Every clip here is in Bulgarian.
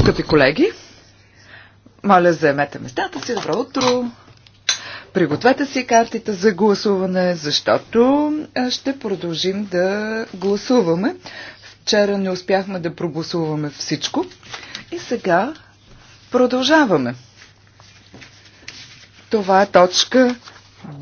Скъпи колеги, моля заемете местата си. Добро утро! Пригответе си картите за гласуване, защото ще продължим да гласуваме. Вчера не успяхме да прогласуваме всичко и сега продължаваме. Това е точка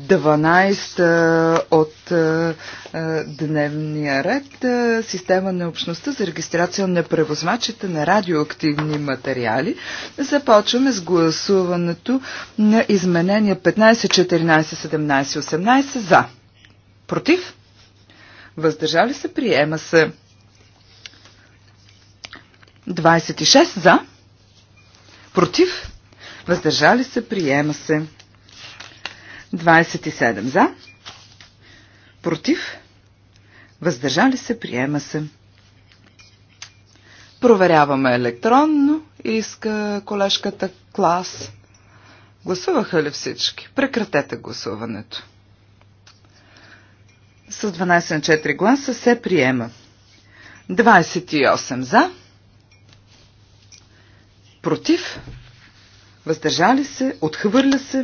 12 от е, е, дневния ред е, система на общността за регистрация на превозвачите на радиоактивни материали. Започваме с гласуването на изменения 15, 14, 17, 18 за. Против? Въздържали се? Приема се. 26 за. Против? Въздържали се? Приема се. 27 за. Против. Въздържали се. Приема се. Проверяваме електронно. Иска колежката клас. Гласуваха ли всички? Прекратете гласуването. С 12 на 4 гласа се приема. 28 за. Против. Въздържали се. Отхвърля се.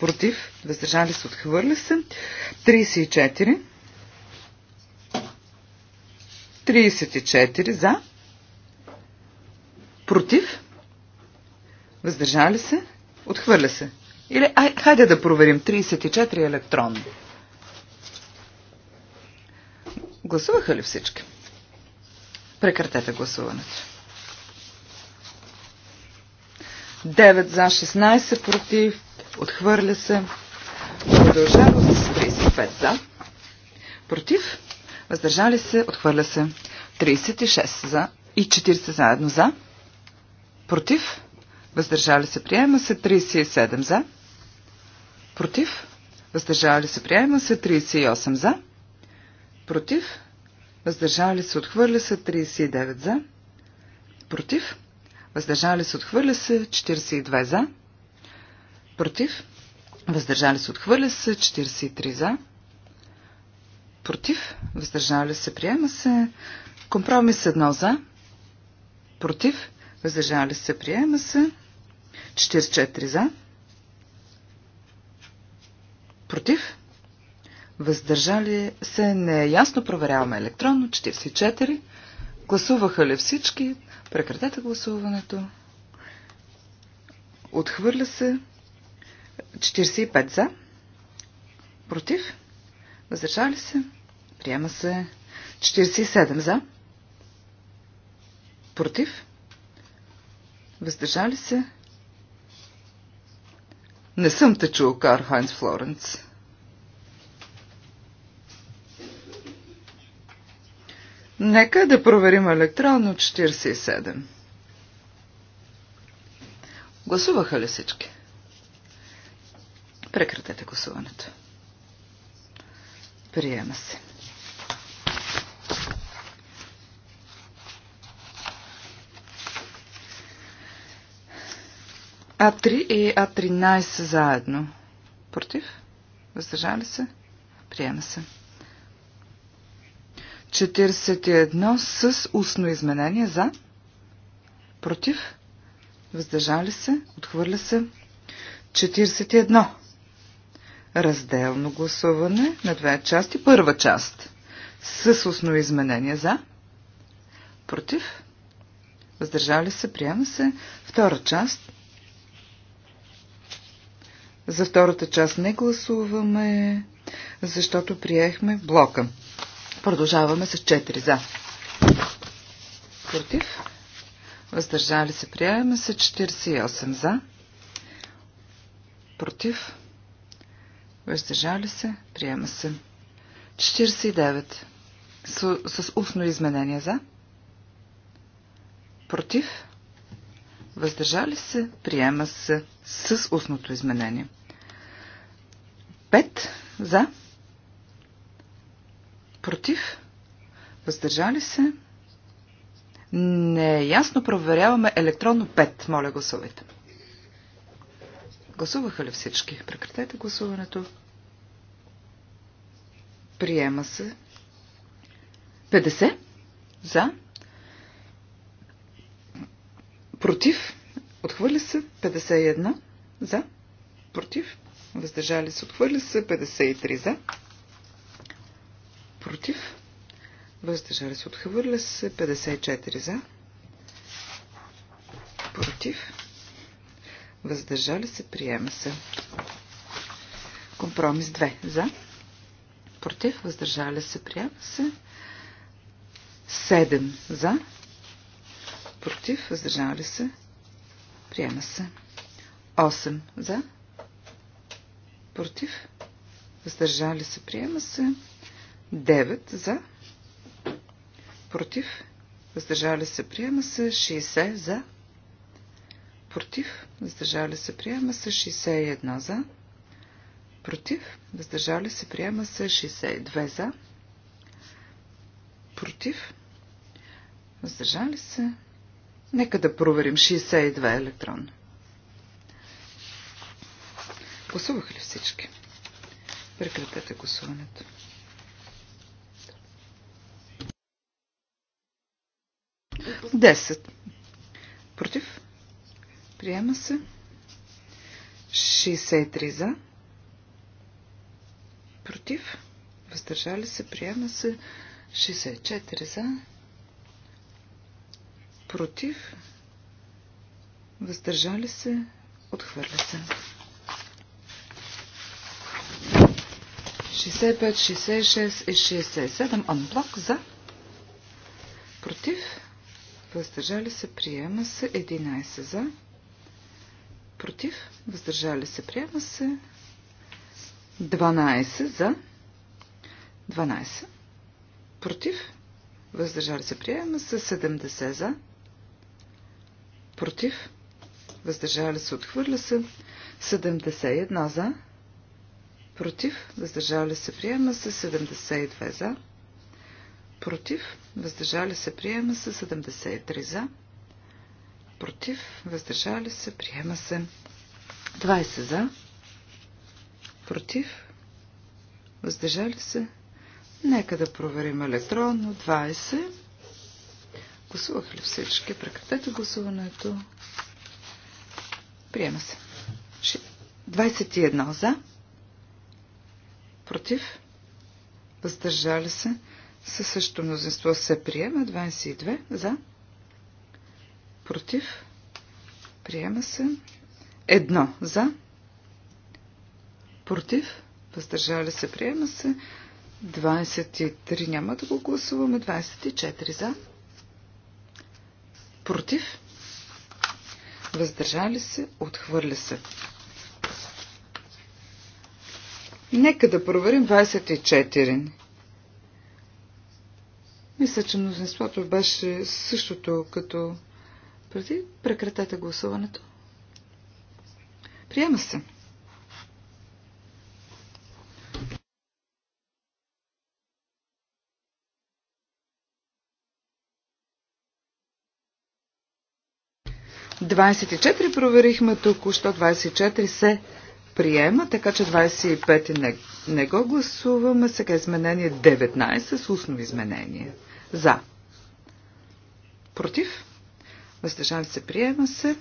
против, въздържали се, отхвърля се. 34. 34 за, против, въздържали се, отхвърля се. Или, ай, хайде да проверим, 34 електронно. Гласуваха ли всички? Прекратете гласуването. 9 за 16 против, Отхвърля се. Продължава с 35 за. Против. Въздържали се. Отхвърля се. 36 за. И 40 заедно за. Против. Въздържали се. Приема се. 37 за. Против. Въздържали се. Приема се. 38 за. Против. Въздържали се. Отхвърля се. 39 за. Против. Въздържали се. Отхвърля се. 42 за. Против. Въздържали се. Отхвърля се. 43 за. Против. Въздържали се. Приема се. Компромис 1 за. Против. Въздържали се. Приема се. 44 за. Против. Въздържали се. Не е ясно. Проверяваме електронно. 44. Гласуваха ли всички? Прекратете гласуването. Отхвърля се. 45 за. Против. Въздържали се. Приема се. 47 за. Против. Въздържали се. Не съм те чул, Кар Хайнс Флоренц. Нека да проверим електронно 47. Гласуваха ли всички? Прекратете гласуването. Приема се. А3 и А13 заедно. Против? Въздържали се? Приема се. 41 с устно изменение за. Против? Въздържали се? Отхвърля се. 41. Разделно гласуване на две части. Първа част с устно изменение за. Против. Въздържали се. Приема се. Втора част. За втората част не гласуваме, защото приехме блока. Продължаваме с 4 за. Против. Въздържали се. приемаме се. 48 за. Против. Въздържали се? Приема се. 49. С, с устно изменение за? Против? Въздържали се? Приема се с устното изменение. 5. За? Против? Въздържали се? Не е ясно. Проверяваме електронно 5. Моля гласувайте. Гласуваха ли всички? Прекратете гласуването. Приема се. 50 за. Против. Отхвърли се. 51 за. Против. Въздържали се. Отхвърли се. 53 за. Против. Въздържали се. Отхвърля се. 54 за. Против въздържали се, приема се. Компромис 2 за, против, въздържали се, приема се. 7 за, против, въздържали се, приема се. 8 за, против, въздържали се, приема се. 9 за, против, въздържали се, приема се. 60 за, против, въздържали се, приема се 61 за, против, въздържали се, приема с 62 за, против, въздържали се. Нека да проверим 62 електронно. Гласуваха ли всички? Прекратете гласуването. Десет. Против? Приема се. 63 за. Против. Въздържали се. Приема се. 64 за. Против. Въздържали се. Отхвърля се. 65, 66 и 67 анблок за. Против. Въздържали се. Приема се. 11 за против, въздържали се, приема се. 12 за, 12 против, въздържали се, приема се. 70 за, против, въздържали се, отхвърля се. 71 за, против, въздържали се, приема се. 72 за, против, въздържали се, приема се. 73 за, против, въздържали се, приема се. 20 за, против, въздържали се. Нека да проверим електронно. 20. Гласувах ли всички? Прекратете гласуването. Приема се. 21 за, против, въздържали се. Със същото мнозинство се приема. 22 за, Против. Приема се. Едно. За. Против. Въздържали се. Приема се. 23. Няма да го гласуваме. 24. За. Против. Въздържали се. Отхвърля се. Нека да проверим 24. Мисля, че мнозинството беше същото като Против. Прекратете гласуването. Приема се. Двадесет проверихме тук. що 24 се приема, така че 25 не го гласуваме. Сега изменение 19 с устно изменение. За. Против? въздържали се, приема се.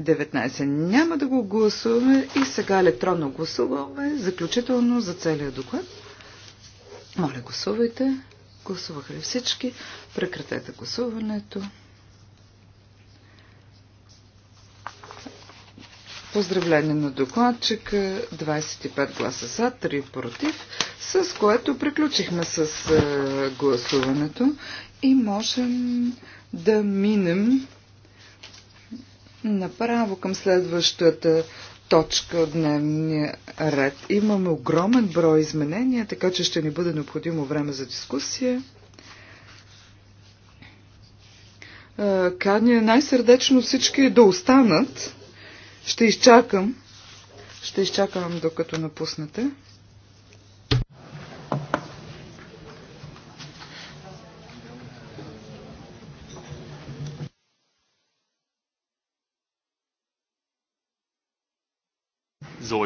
19. Няма да го гласуваме и сега електронно гласуваме заключително за целия доклад. Моля, гласувайте. Гласуваха ли всички? Прекратете гласуването. Поздравление на докладчика, 25 гласа за, 3 против, с което приключихме с е, гласуването и можем да минем направо към следващата точка от дневния ред. Имаме огромен брой изменения, така че ще ни бъде необходимо време за дискусия. Каня най-сърдечно всички да останат. Ще изчакам. Ще изчакам докато напуснете.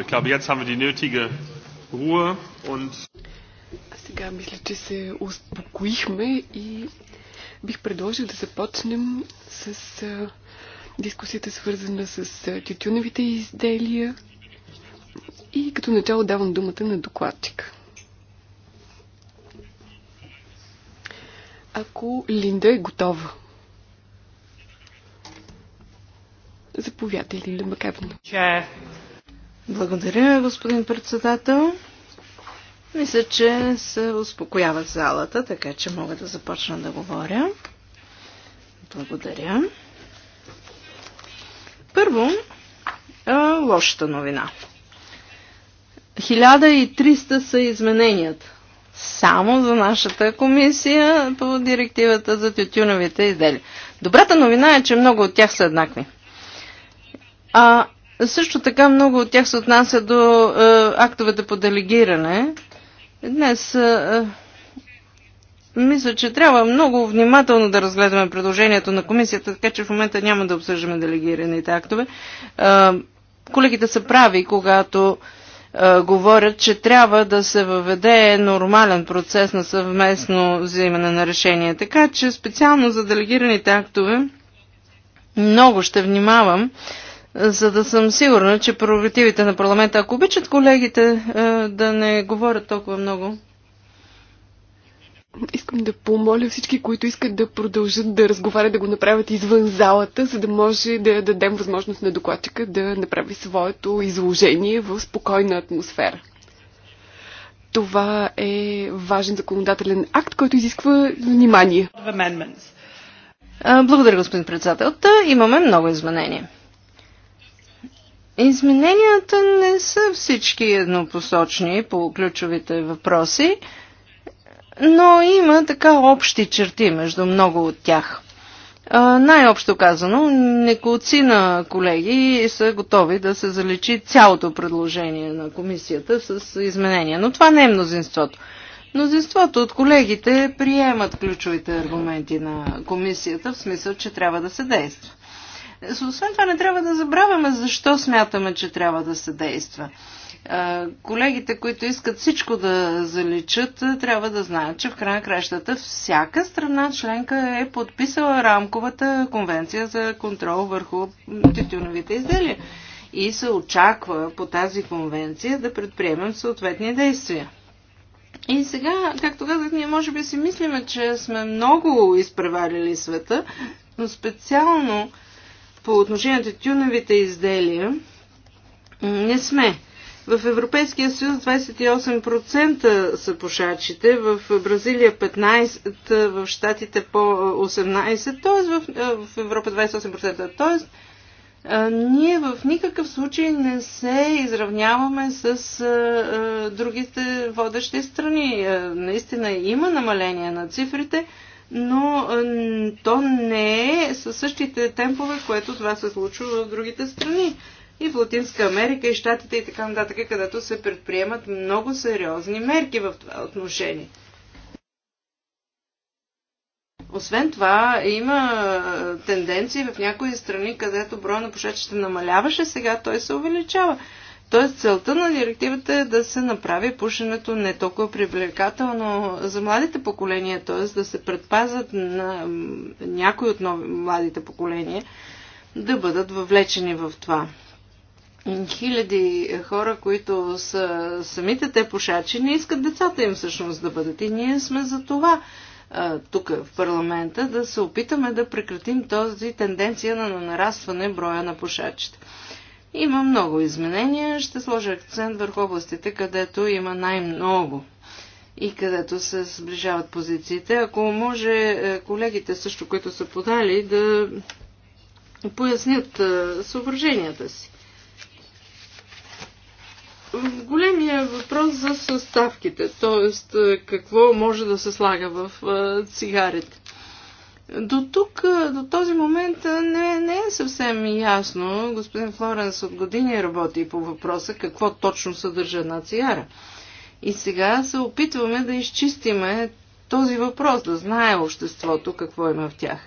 glaube, jetzt haben wir die nötige Ruhe und. Сега мисля, че се успокоихме и бих предложил да започнем с а, дискусията, свързана с а, тютюневите изделия. И като начало давам думата на докладчика. Ако Линда е готова. Заповядай, Линда Макебна. Благодаря, господин председател. Мисля, че се успокоява залата, така че мога да започна да говоря. Благодаря. Първо, е лошата новина. 1300 са измененията. Само за нашата комисия по директивата за тютюновите изделия. Добрата новина е, че много от тях са еднакви. А също така много от тях се отнася до е, актовете по делегиране. Днес е, е, мисля, че трябва много внимателно да разгледаме предложението на комисията, така че в момента няма да обсъждаме делегираните актове. Е, колегите са прави, когато е, говорят, че трябва да се въведе нормален процес на съвместно взимане на решение. Така че специално за делегираните актове много ще внимавам. Е, за да съм сигурна, че прерогативите на парламента, ако обичат колегите е, да не говорят толкова много. Искам да помоля всички, които искат да продължат да разговарят, да го направят извън залата, за да може да дадем възможност на докладчика да направи своето изложение в спокойна атмосфера. Това е важен законодателен акт, който изисква внимание. Благодаря, господин председател. Та имаме много изменения. Измененията не са всички еднопосочни по ключовите въпроси, но има така общи черти между много от тях. най-общо казано, неколци на колеги са готови да се заличи цялото предложение на комисията с изменения, но това не е мнозинството. Мнозинството от колегите приемат ключовите аргументи на комисията в смисъл, че трябва да се действа. Е, освен това не трябва да забравяме защо смятаме, че трябва да се действа. Е, колегите, които искат всичко да заличат, е, трябва да знаят, че в край на кращата всяка страна членка е подписала рамковата конвенция за контрол върху тютюновите изделия и се очаква по тази конвенция да предприемем съответни действия. И сега, както казах, ние може би си мислиме, че сме много изпреварили света, но специално по отношение на тютюневите изделия не сме. В Европейския съюз 28% са пушачите, в Бразилия 15%, в Штатите по 18%, т.е. В, в Европа 28%. Т.е. ние в никакъв случай не се изравняваме с а, а, другите водещи страни. А, наистина има намаление на цифрите, но то не е със същите темпове, което това се случва в другите страни. И в Латинска Америка, и Штатите, и така нататък, където се предприемат много сериозни мерки в това отношение. Освен това, има тенденции в някои страни, където броя на пушачите намаляваше, сега той се увеличава. Тоест целта на директивата е да се направи пушенето не толкова привлекателно за младите поколения, т.е. да се предпазят на някои от нови, младите поколения да бъдат въвлечени в това. Хиляди хора, които са самите те пушачи, не искат децата им всъщност да бъдат. И ние сме за това тук в парламента да се опитаме да прекратим този тенденция на нарастване броя на пушачите. Има много изменения. Ще сложа акцент върху областите, където има най-много и където се сближават позициите. Ако може е, колегите също, които са подали, да пояснят е, съображенията си. Големия въпрос за съставките, т.е. Е, какво може да се слага в цигарите. До тук, до този момент не, не е съвсем ясно. Господин Флоренс от години работи по въпроса какво точно съдържа една цигара. И сега се опитваме да изчистиме този въпрос, да знае обществото какво има в тях.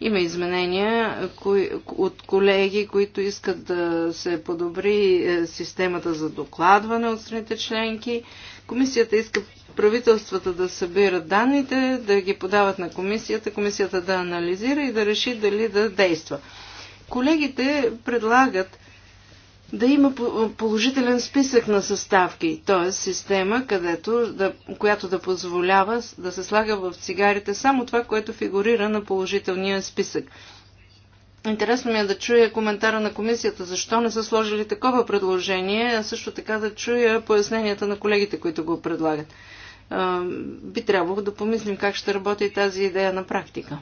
Има изменения от колеги, които искат да се подобри е, системата за докладване от страните членки. Комисията иска правителствата да събират данните, да ги подават на комисията, комисията да анализира и да реши дали да действа. Колегите предлагат да има положителен списък на съставки, т.е. система, където да, която да позволява да се слага в цигарите само това, което фигурира на положителния списък. Интересно ми е да чуя коментара на комисията, защо не са сложили такова предложение, а също така да чуя поясненията на колегите, които го предлагат би трябвало да помислим как ще работи тази идея на практика.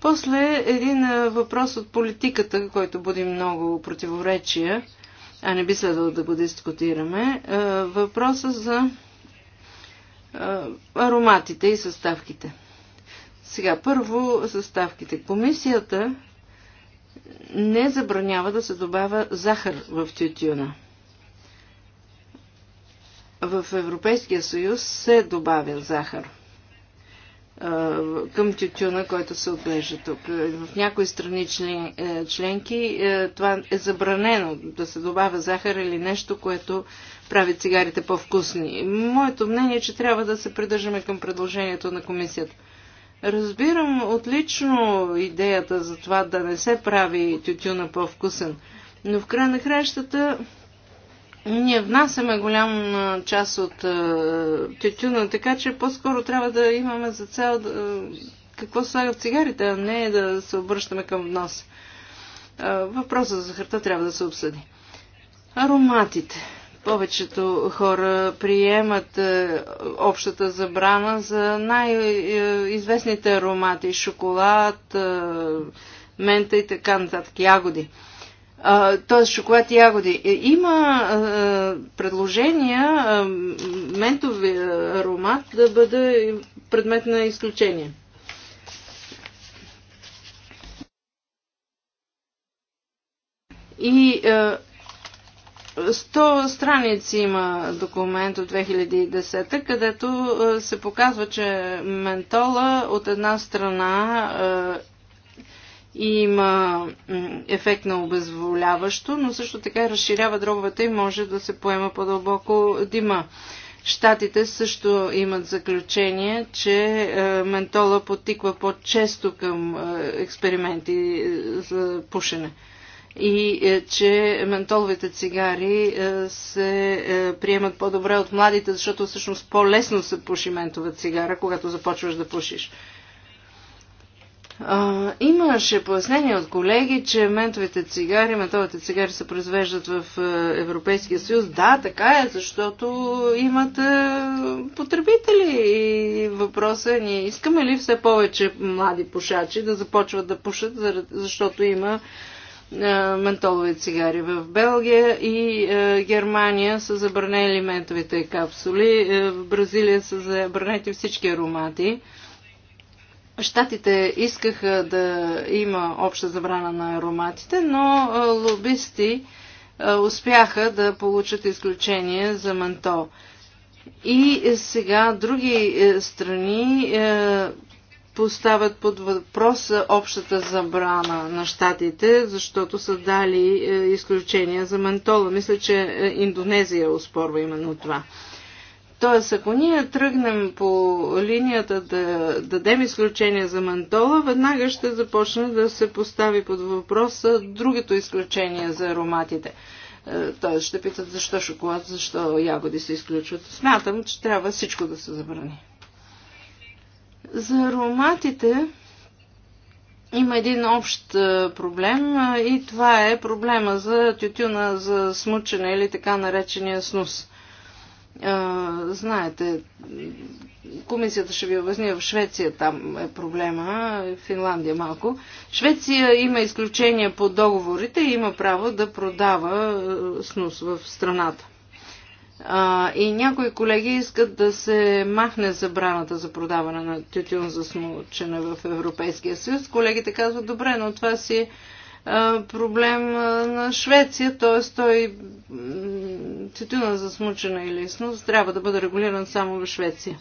После един въпрос от политиката, който буди много противоречия, а не би следвало да го дискутираме. Въпроса за ароматите и съставките. Сега, първо съставките. Комисията не забранява да се добавя захар в тютюна в Европейския съюз се добавя захар към тютюна, който се отглежда тук. В някои страни член, е, членки е, това е забранено да се добавя захар или нещо, което прави цигарите по-вкусни. Моето мнение е, че трябва да се придържаме към предложението на комисията. Разбирам отлично идеята за това да не се прави тютюна по-вкусен, но в край на краищата. Ние внасяме голяма част от тютюна, така че по-скоро трябва да имаме за цел да, какво слагат цигарите, а не да се обръщаме към внос. Въпросът за захарта трябва да се обсъди. Ароматите. Повечето хора приемат общата забрана за най-известните аромати шоколад, мента и така нататък, ягоди т.е. шоколад и ягоди. Е, има а, предложения а, ментови аромат да бъде предмет на изключение. И а, 100 страници има документ от 2010, където се показва, че ментола от една страна има ефект на обезволяващо, но също така разширява дробовете и може да се поема по-дълбоко дима. Штатите също имат заключение, че е, ментола потиква по-често към е, експерименти е, за пушене и че ментоловите цигари се приемат по-добре от младите, защото всъщност по-лесно се пуши ментова цигара, когато започваш да пушиш. А, имаше пояснение от колеги, че ментовите цигари, ментовите цигари се произвеждат в е, Европейския съюз. Да, така е, защото имат е, потребители. И въпросът е, искаме ли все повече млади пушачи да започват да пушат, защото има е, ментолови цигари. В Белгия и е, Германия са забранени ментовите капсули, е, в Бразилия са забранети всички аромати. Штатите искаха да има обща забрана на ароматите, но лобисти успяха да получат изключение за манто. И сега други е, страни е, поставят под въпрос общата забрана на щатите, защото са дали е, изключения за ментола. Мисля, че Индонезия успорва именно това. Тоест, ако ние тръгнем по линията да дадем изключение за мантола, веднага ще започне да се постави под въпрос другото изключение за ароматите. Е, тоест, ще питат защо шоколад, защо ягоди се изключват. Смятам, че трябва всичко да се забрани. За ароматите има един общ е, проблем е, и това е проблема за тютюна за смучене или така наречения снус знаете, комисията ще ви обясня, в Швеция там е проблема, Финландия малко. Швеция има изключение по договорите и има право да продава снус в страната. и някои колеги искат да се махне забраната за продаване на тютюн за смучене в Европейския съюз. Колегите казват, добре, но това си е проблем на Швеция, т.е. той тютюна за смучена и лесност трябва да бъде регулиран само в Швеция.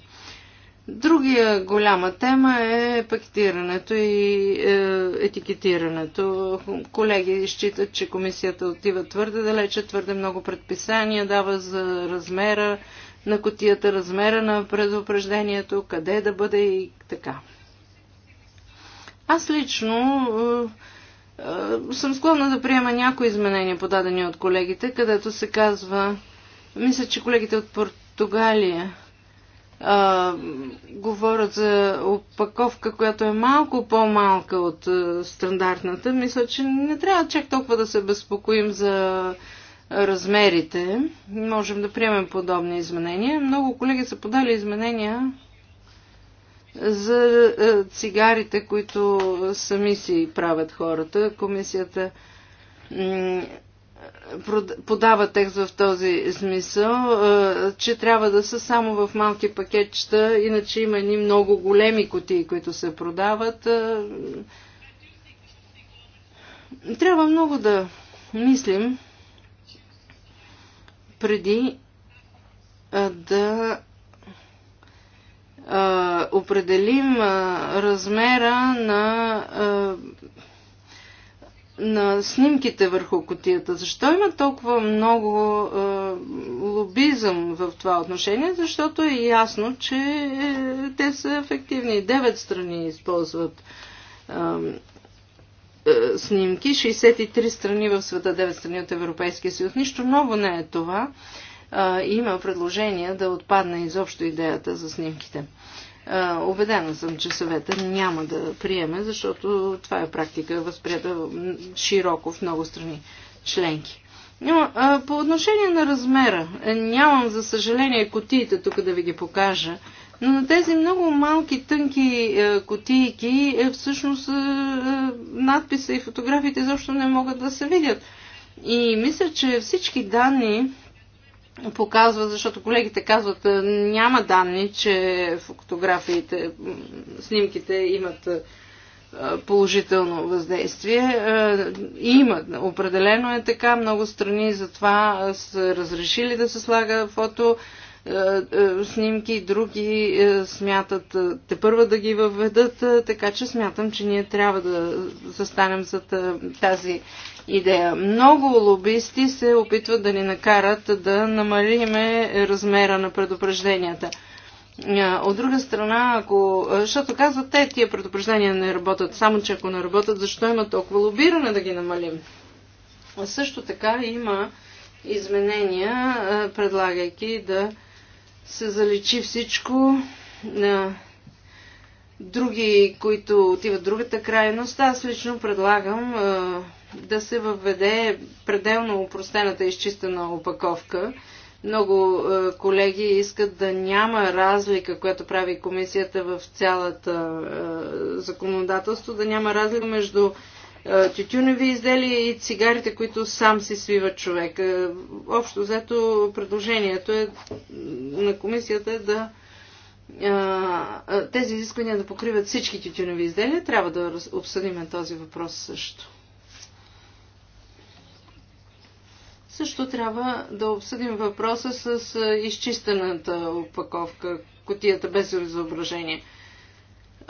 Другия голяма тема е пакетирането и е, етикетирането. Колеги считат, че комисията отива твърде далече, твърде много предписания дава за размера на котията, размера на предупреждението, къде да бъде и така. Аз лично е, е, съм склонна да приема някои изменения, подадени от колегите, където се казва, мисля, че колегите от Португалия а, говорят за опаковка, която е малко по-малка от а, е, стандартната. Мисля, че не трябва чак толкова да се безпокоим за размерите. Можем да приемем подобни изменения. Много колеги са подали изменения за е, цигарите, които сами си правят хората. Комисията подава текст в този смисъл, е, че трябва да са само в малки пакетчета, иначе има ни много големи котии, които се продават. Е, трябва много да мислим преди да определим размера на, на снимките върху котията. Защо има толкова много лобизъм в това отношение? Защото е ясно, че е, те са ефективни. Девет страни използват снимки, 63 страни в света, 9 страни от Европейския съюз. Нищо ново не е това а, има предложение да отпадне изобщо идеята за снимките. убедена съм, че съвета няма да приеме, защото това е практика възприята широко в много страни членки. Но а, по отношение на размера, е, нямам за съжаление котиите тук да ви ги покажа, но на тези много малки, тънки е, котийки е, всъщност е, е, надписа и фотографиите изобщо не могат да се видят. И мисля, че всички данни показва, защото колегите казват, е, няма данни, че фотографиите, снимките имат е, положително въздействие. Е, има, определено е така, много страни затова са разрешили да се слага фото е, е, снимки, и други е, смятат те първа да ги въведат, така че смятам, че ние трябва да застанем за тази идея. Много лобисти се опитват да ни накарат да намалиме размера на предупрежденията. От друга страна, ако... Защото казват, те тия предупреждения не работят, само че ако не работят, защо има толкова лобиране да ги намалим? А също така има изменения, предлагайки да се заличи всичко. На други, които отиват другата крайност, аз лично предлагам да се въведе пределно упростената изчистена опаковка. Много колеги искат да няма разлика, която прави комисията в цялата законодателство, да няма разлика между е, тютюневи изделия и цигарите, които сам си свива човек. Е, общо взето предложението е на комисията е да е, тези изисквания да покриват всички тютюневи изделия. Трябва да обсъдим този въпрос също. Също трябва да обсъдим въпроса с изчистената опаковка, котията без изображение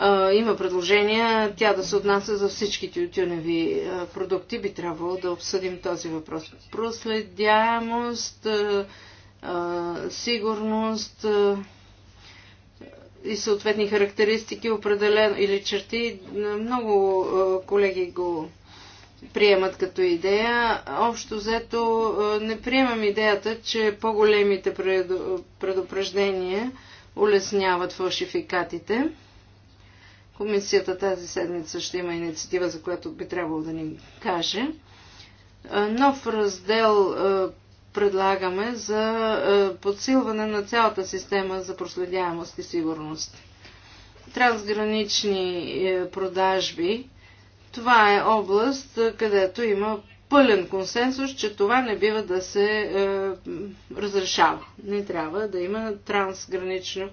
а, има предложение, тя да се отнася за всички тютюневи продукти. Би трябвало да обсъдим този въпрос. Проследяемост, а, а, сигурност а, и съответни характеристики определено или черти. Много а, колеги го приемат като идея. Общо взето не приемам идеята, че по-големите предупреждения улесняват фалшификатите. Комисията тази седмица ще има инициатива, за която би трябвало да ни каже. Е, нов раздел е, предлагаме за е, подсилване на цялата система за проследяемост и сигурност. Трансгранични продажби. Това е област, където има пълен консенсус, че това не бива да се разрешава. Не трябва да има трансгранично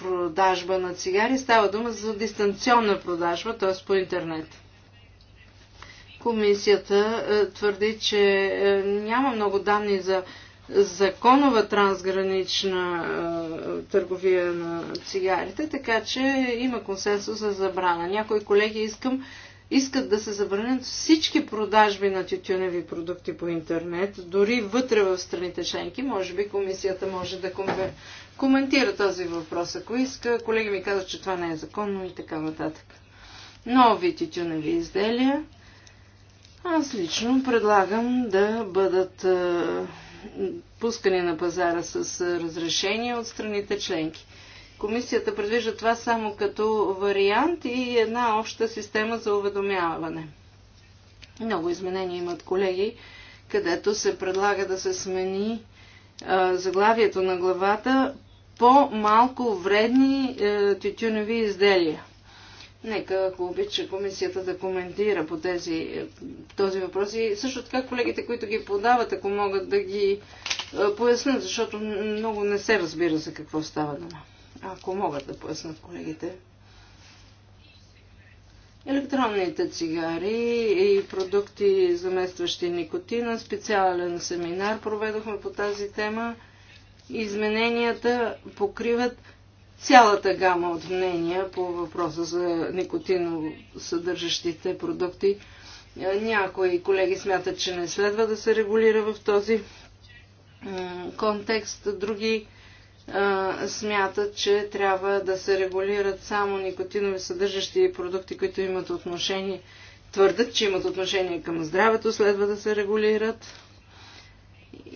продажба на цигари. Става дума за дистанционна продажба, т.е. по интернет. Комисията твърди, че няма много данни за законова трансгранична търговия на цигарите, така че има консенсус за забрана. Някои колеги искам, искат да се забранят всички продажби на тютюневи продукти по интернет, дори вътре в страните членки. Може би комисията може да коментира този въпрос, ако иска. Колеги ми казват, че това не е законно и така нататък. Нови тютюневи изделия. Аз лично предлагам да бъдат пускани на пазара с разрешение от страните членки. Комисията предвижда това само като вариант и една обща система за уведомяване. Много изменения имат колеги, където се предлага да се смени заглавието на главата по-малко вредни е, тютюневи изделия. Нека, ако обича комисията да коментира по тези, е, този въпрос и също така колегите, които ги подават, ако могат да ги е, пояснят, защото много не се разбира за какво става дума. Ако могат да пояснат колегите. Електронните цигари и продукти заместващи никотина. Специален семинар проведохме по тази тема измененията покриват цялата гама от мнения по въпроса за никотино съдържащите продукти. Е, някои колеги смятат, че не следва да се регулира в този контекст, други е, смятат, че трябва да се регулират само никотинови съдържащи продукти, които имат отношение, твърдат, че имат отношение към здравето, следва да се регулират.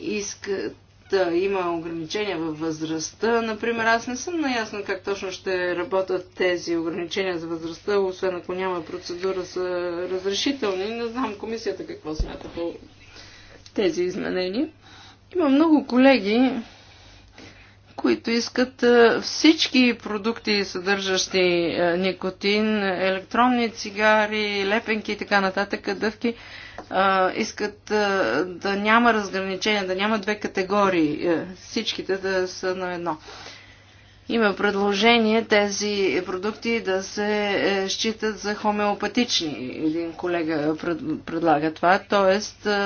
Искат е, има ограничения във възрастта. Например, аз не съм наясна как точно ще работят тези ограничения за възрастта, освен ако няма процедура за е, разрешителни. Не знам комисията какво смята по тези изменения. Има много колеги, които искат е, всички продукти, съдържащи никотин, електронни цигари, лепенки и така нататък, дъвки, а, искат а, да няма разграничения, да няма две категории, а, е, всичките да са на едно. Има предложение тези продукти да се е, считат за хомеопатични. Един колега пред, предлага това, т.е.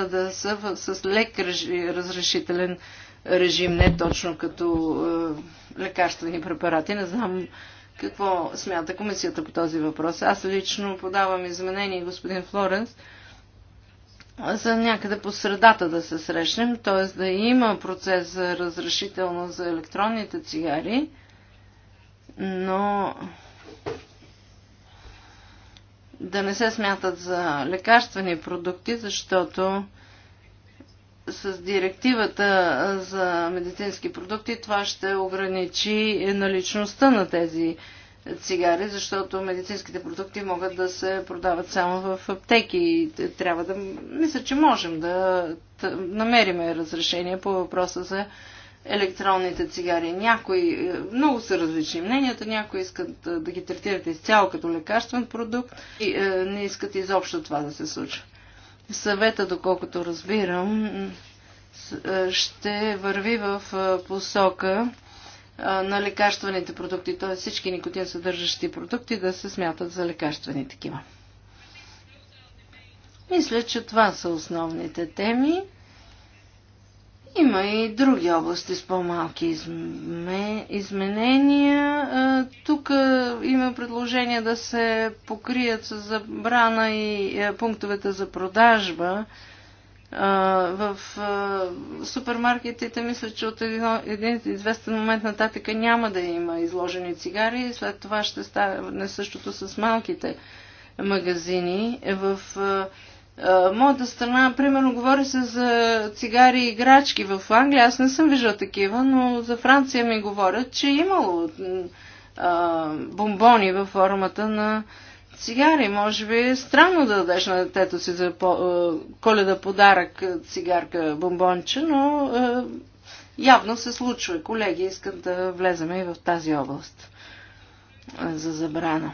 да са в, с лек разрешителен режим, не точно като е, лекарствени препарати. Не знам какво смята комисията по този въпрос. Аз лично подавам изменение, господин Флоренс. Е, за някъде по средата да се срещнем, т.е. да има процес за разрешително за електронните цигари, но да не се смятат за лекарствени продукти, защото с директивата за медицински продукти това ще ограничи наличността на тези цигари, защото медицинските продукти могат да се продават само в аптеки и трябва да... Мисля, че можем да намериме разрешение по въпроса за електронните цигари. Някои, е, много са различни мненията, някои искат е, да ги третират изцяло като лекарствен продукт и е, не искат изобщо това да се случва. Съвета, доколкото разбирам, ще върви в посока на лекарствените продукти, т.е. всички никотин съдържащи продукти да се смятат за лекарствени такива. Мисля, че това са основните теми. Има и други области с по-малки изме... изменения. Тук има предложение да се покрият с забрана и пунктовете за продажба в супермаркетите мисля, че от един известен момент нататък няма да има изложени цигари. След това ще стане същото с малките магазини. В моята страна, примерно, говори се за цигари и играчки в Англия. Аз не съм виждал такива, но за Франция ми говорят, че е имало бомбони във формата на цигари. Може би е странно да дадеш на детето си за по, е, коледа подарък е, цигарка бомбонче, но е, явно се случва. Колеги, искат да влезем и в тази област е, за забрана.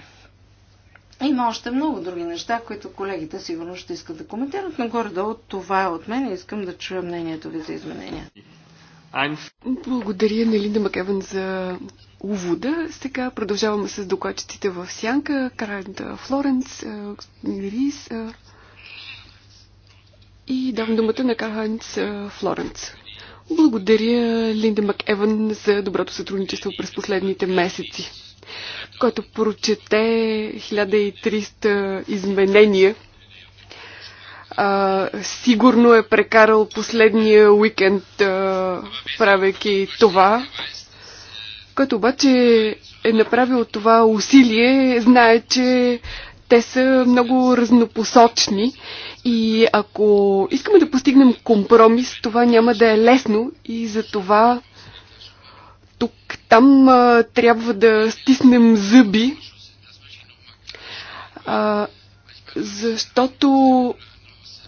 Има още много други неща, които колегите сигурно ще искат да коментират, но горе-долу това е от мен и искам да чуя мнението ви за изменения. Благодаря на Линда Макевен за увода. Сега продължаваме с докладчиците в Сянка, Каранта Флоренц, е, Рис е, и давам думата на Каранц Флоренц. Благодаря Линда МакЕван за доброто сътрудничество през последните месеци, който прочете 1300 изменения. А, сигурно е прекарал последния уикенд, а, правейки това. Който обаче е направил това усилие, знае, че те са много разнопосочни и ако искаме да постигнем компромис, това няма да е лесно и за това тук, там а, трябва да стиснем зъби, а, защото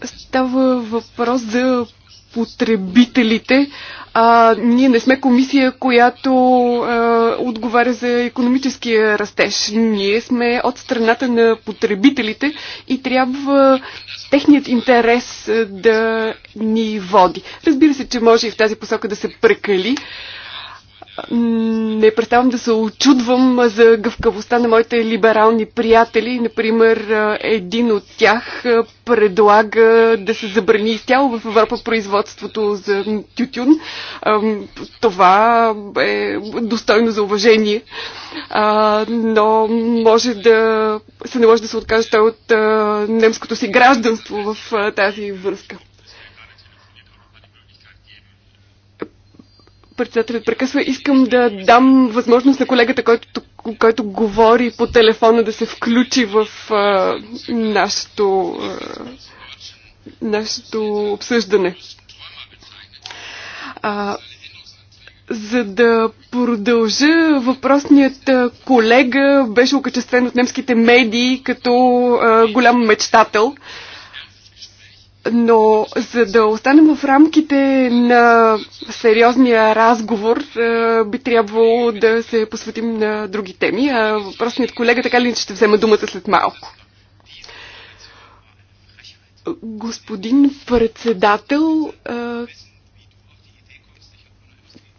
става въпрос за потребителите. А, ние не сме комисия, която а, отговаря за економическия растеж. Ние сме от страната на потребителите и трябва техният интерес да ни води. Разбира се, че може и в тази посока да се прекали не представям да се очудвам за гъвкавостта на моите либерални приятели. Например, един от тях предлага да се забрани изцяло в Европа производството за тютюн. Това е достойно за уважение, но може да се наложи да се откаже той от немското си гражданство в тази връзка. Председателят прекъсва. Искам да дам възможност на колегата, който, който говори по телефона, да се включи в а, а, нашето обсъждане. А, за да продължа, въпросният колега беше окачествен от немските медии като а, голям мечтател. А, но за да останем в рамките на сериозния разговор, е, би трябвало да се посветим на други теми. А въпросният колега така ли ще взема думата след малко? Господин председател, е,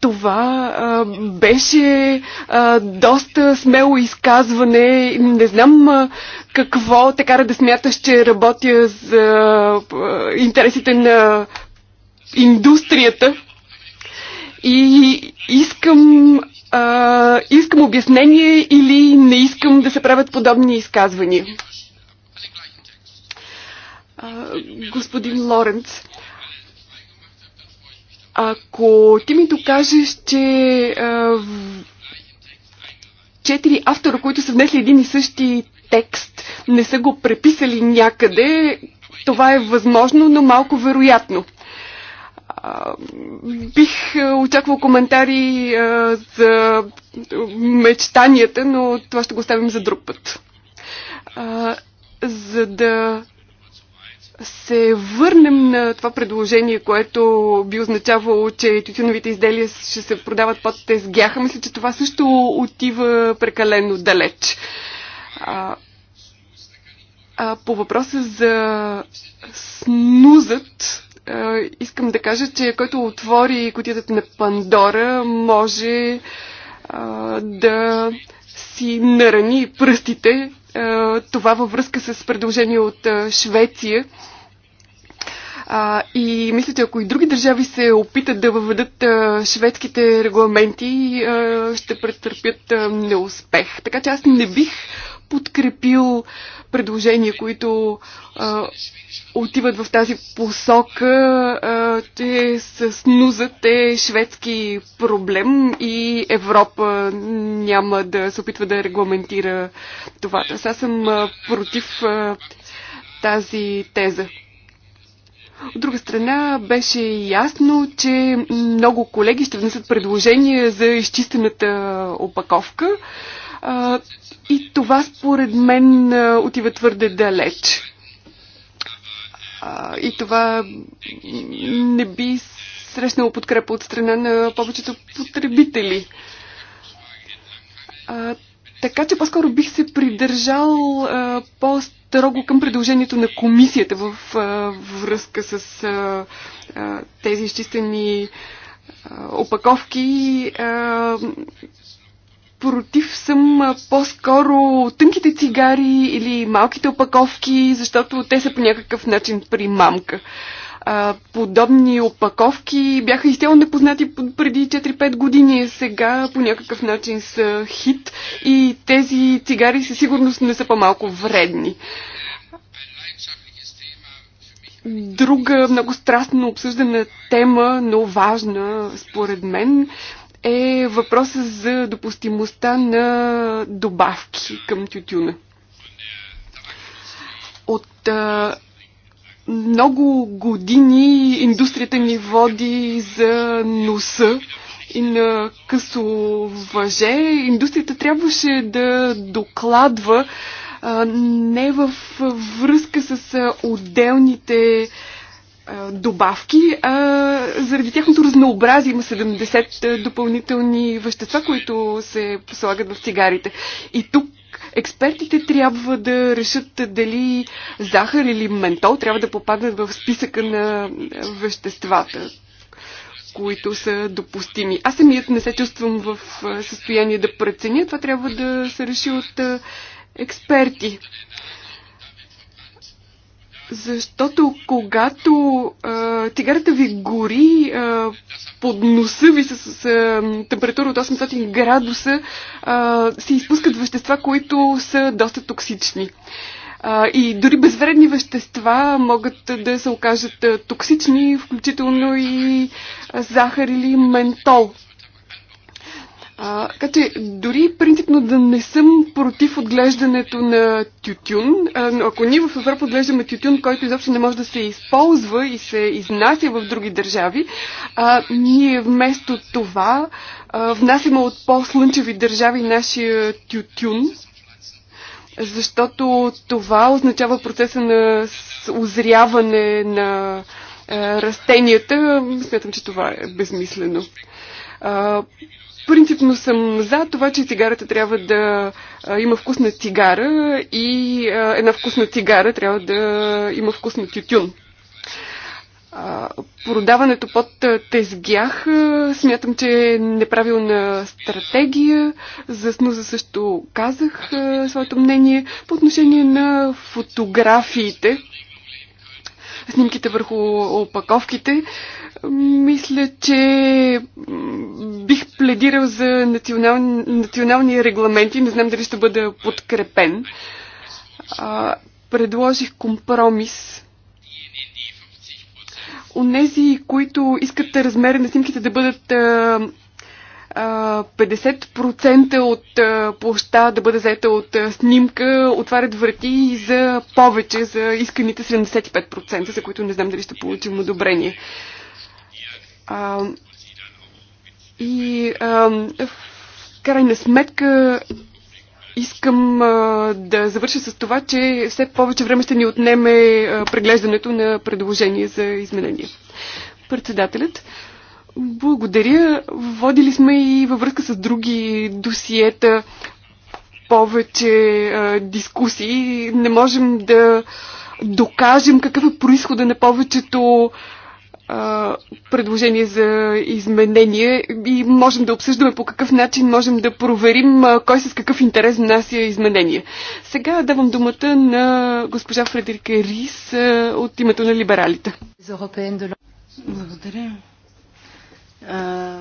това а, беше а, доста смело изказване. Не знам а, какво те кара да смяташ, че работя за а, интересите на индустрията. И искам, а, искам обяснение или не искам да се правят подобни изказвания. А, господин Лоренц, ако ти ми докажеш, че четири автора, които са внесли един и същи текст, не са го преписали някъде, това е възможно, но малко вероятно. А, бих очаквал коментари а, за мечтанията, но това ще го оставим за друг път. А, за да се върнем на това предложение, което би означавало, че тютюновите изделия ще се продават под тезгяха, мисля, че това също отива прекалено далеч. А, а по въпроса за снузът, а, искам да кажа, че който отвори котията на Пандора, може а, да си нарани пръстите е, това във връзка с предложение от е, Швеция. А, и мисля, че ако и други държави се опитат да въведат а, е, шведските регламенти, а, ще претърпят а, неуспех. Така че аз не бих подкрепил предложения, които а, отиват в тази посока, а, с снузът е шведски проблем и Европа няма да се опитва да регламентира това. Аз, съм против а, тази теза. От друга страна беше ясно, че много колеги ще внесат предложения за изчистената опаковка. А, и това според мен отива твърде далеч. А, и това не би срещнало подкрепа от страна на повечето потребители. А, така че по-скоро бих се придържал по-строго към предложението на комисията в а, връзка с а, а, тези изчистени опаковки. Против съм по-скоро тънките цигари или малките опаковки, защото те са по някакъв начин при мамка. А, подобни опаковки бяха изцяло непознати преди 4-5 години. Сега по някакъв начин са хит и тези цигари със сигурност не са по-малко вредни друга много страстно обсъждана тема, но важна според мен, е въпроса за допустимостта на добавки към тютюна. От а, много години индустрията ни води за носа и на късо въже. Индустрията трябваше да докладва а, не в връзка с а, отделните добавки, а заради тяхното разнообразие има 70 допълнителни вещества, които се слагат в цигарите. И тук експертите трябва да решат дали захар или ментол трябва да попаднат в списъка на веществата, които са допустими. Аз самият не се чувствам в състояние да преценя. Това трябва да се реши от експерти. Защото когато а, цигарата ви гори а, под носа ви с, с с температура от 800 градуса, а, се изпускат вещества, които са доста токсични. А, и дори безвредни вещества могат да се окажат токсични, включително и захар или ментол. А, така че дори принципно да не съм против отглеждането на тютюн, а, ако ние в Европа отглеждаме тютюн, който изобщо не може да се използва и се изнася в други държави, а, ние вместо това а, внасяме от по-слънчеви държави нашия тютюн, защото това означава процеса на озряване на а, растенията. Смятам, че това е безмислено. А, Принципно съм за това, че цигарата трябва да а, има вкусна цигара и а, една вкусна цигара трябва да има вкусна тютюн. А, продаването под тезгях смятам, че е неправилна стратегия. За снуза също казах а, своето мнение по отношение на фотографиите снимките върху опаковките. Мисля, че бих пледирал за национални, национални регламенти. Не знам дали ще бъда подкрепен. А, предложих компромис. Унези, които искат размери на снимките да бъдат 50% от площа да бъде заета от снимка отварят врати за повече, за исканите 75%, за които не знам дали ще получим одобрение. А, и а, в крайна сметка искам а, да завърша с това, че все повече време ще ни отнеме а, преглеждането на предложение за изменение. Председателят. Благодаря. Водили сме и във връзка с други досиета повече а, дискусии. Не можем да докажем какъв е происхода на повечето а, предложения за изменение и можем да обсъждаме по какъв начин можем да проверим а, кой с какъв интерес внася изменение. Сега давам думата на госпожа Фредерика Рис а, от името на либералите. Благодаря.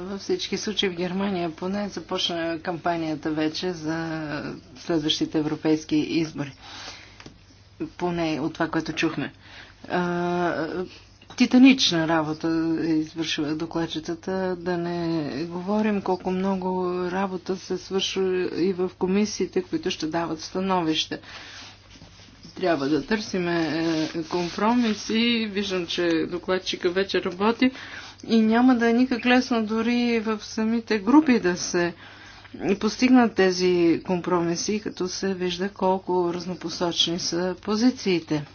Във всички случаи в Германия поне започна кампанията вече за следващите европейски избори. Поне от това, което чухме. Титанична работа е извършва докладчетата. Да не говорим колко много работа се свършва и в комисиите, които ще дават становище. трябва да търсиме е, компромиси. Виждам, че докладчика вече работи и няма да е никак лесно дори в самите групи да се постигнат тези компромиси, като се вижда колко разнопосочни са позициите.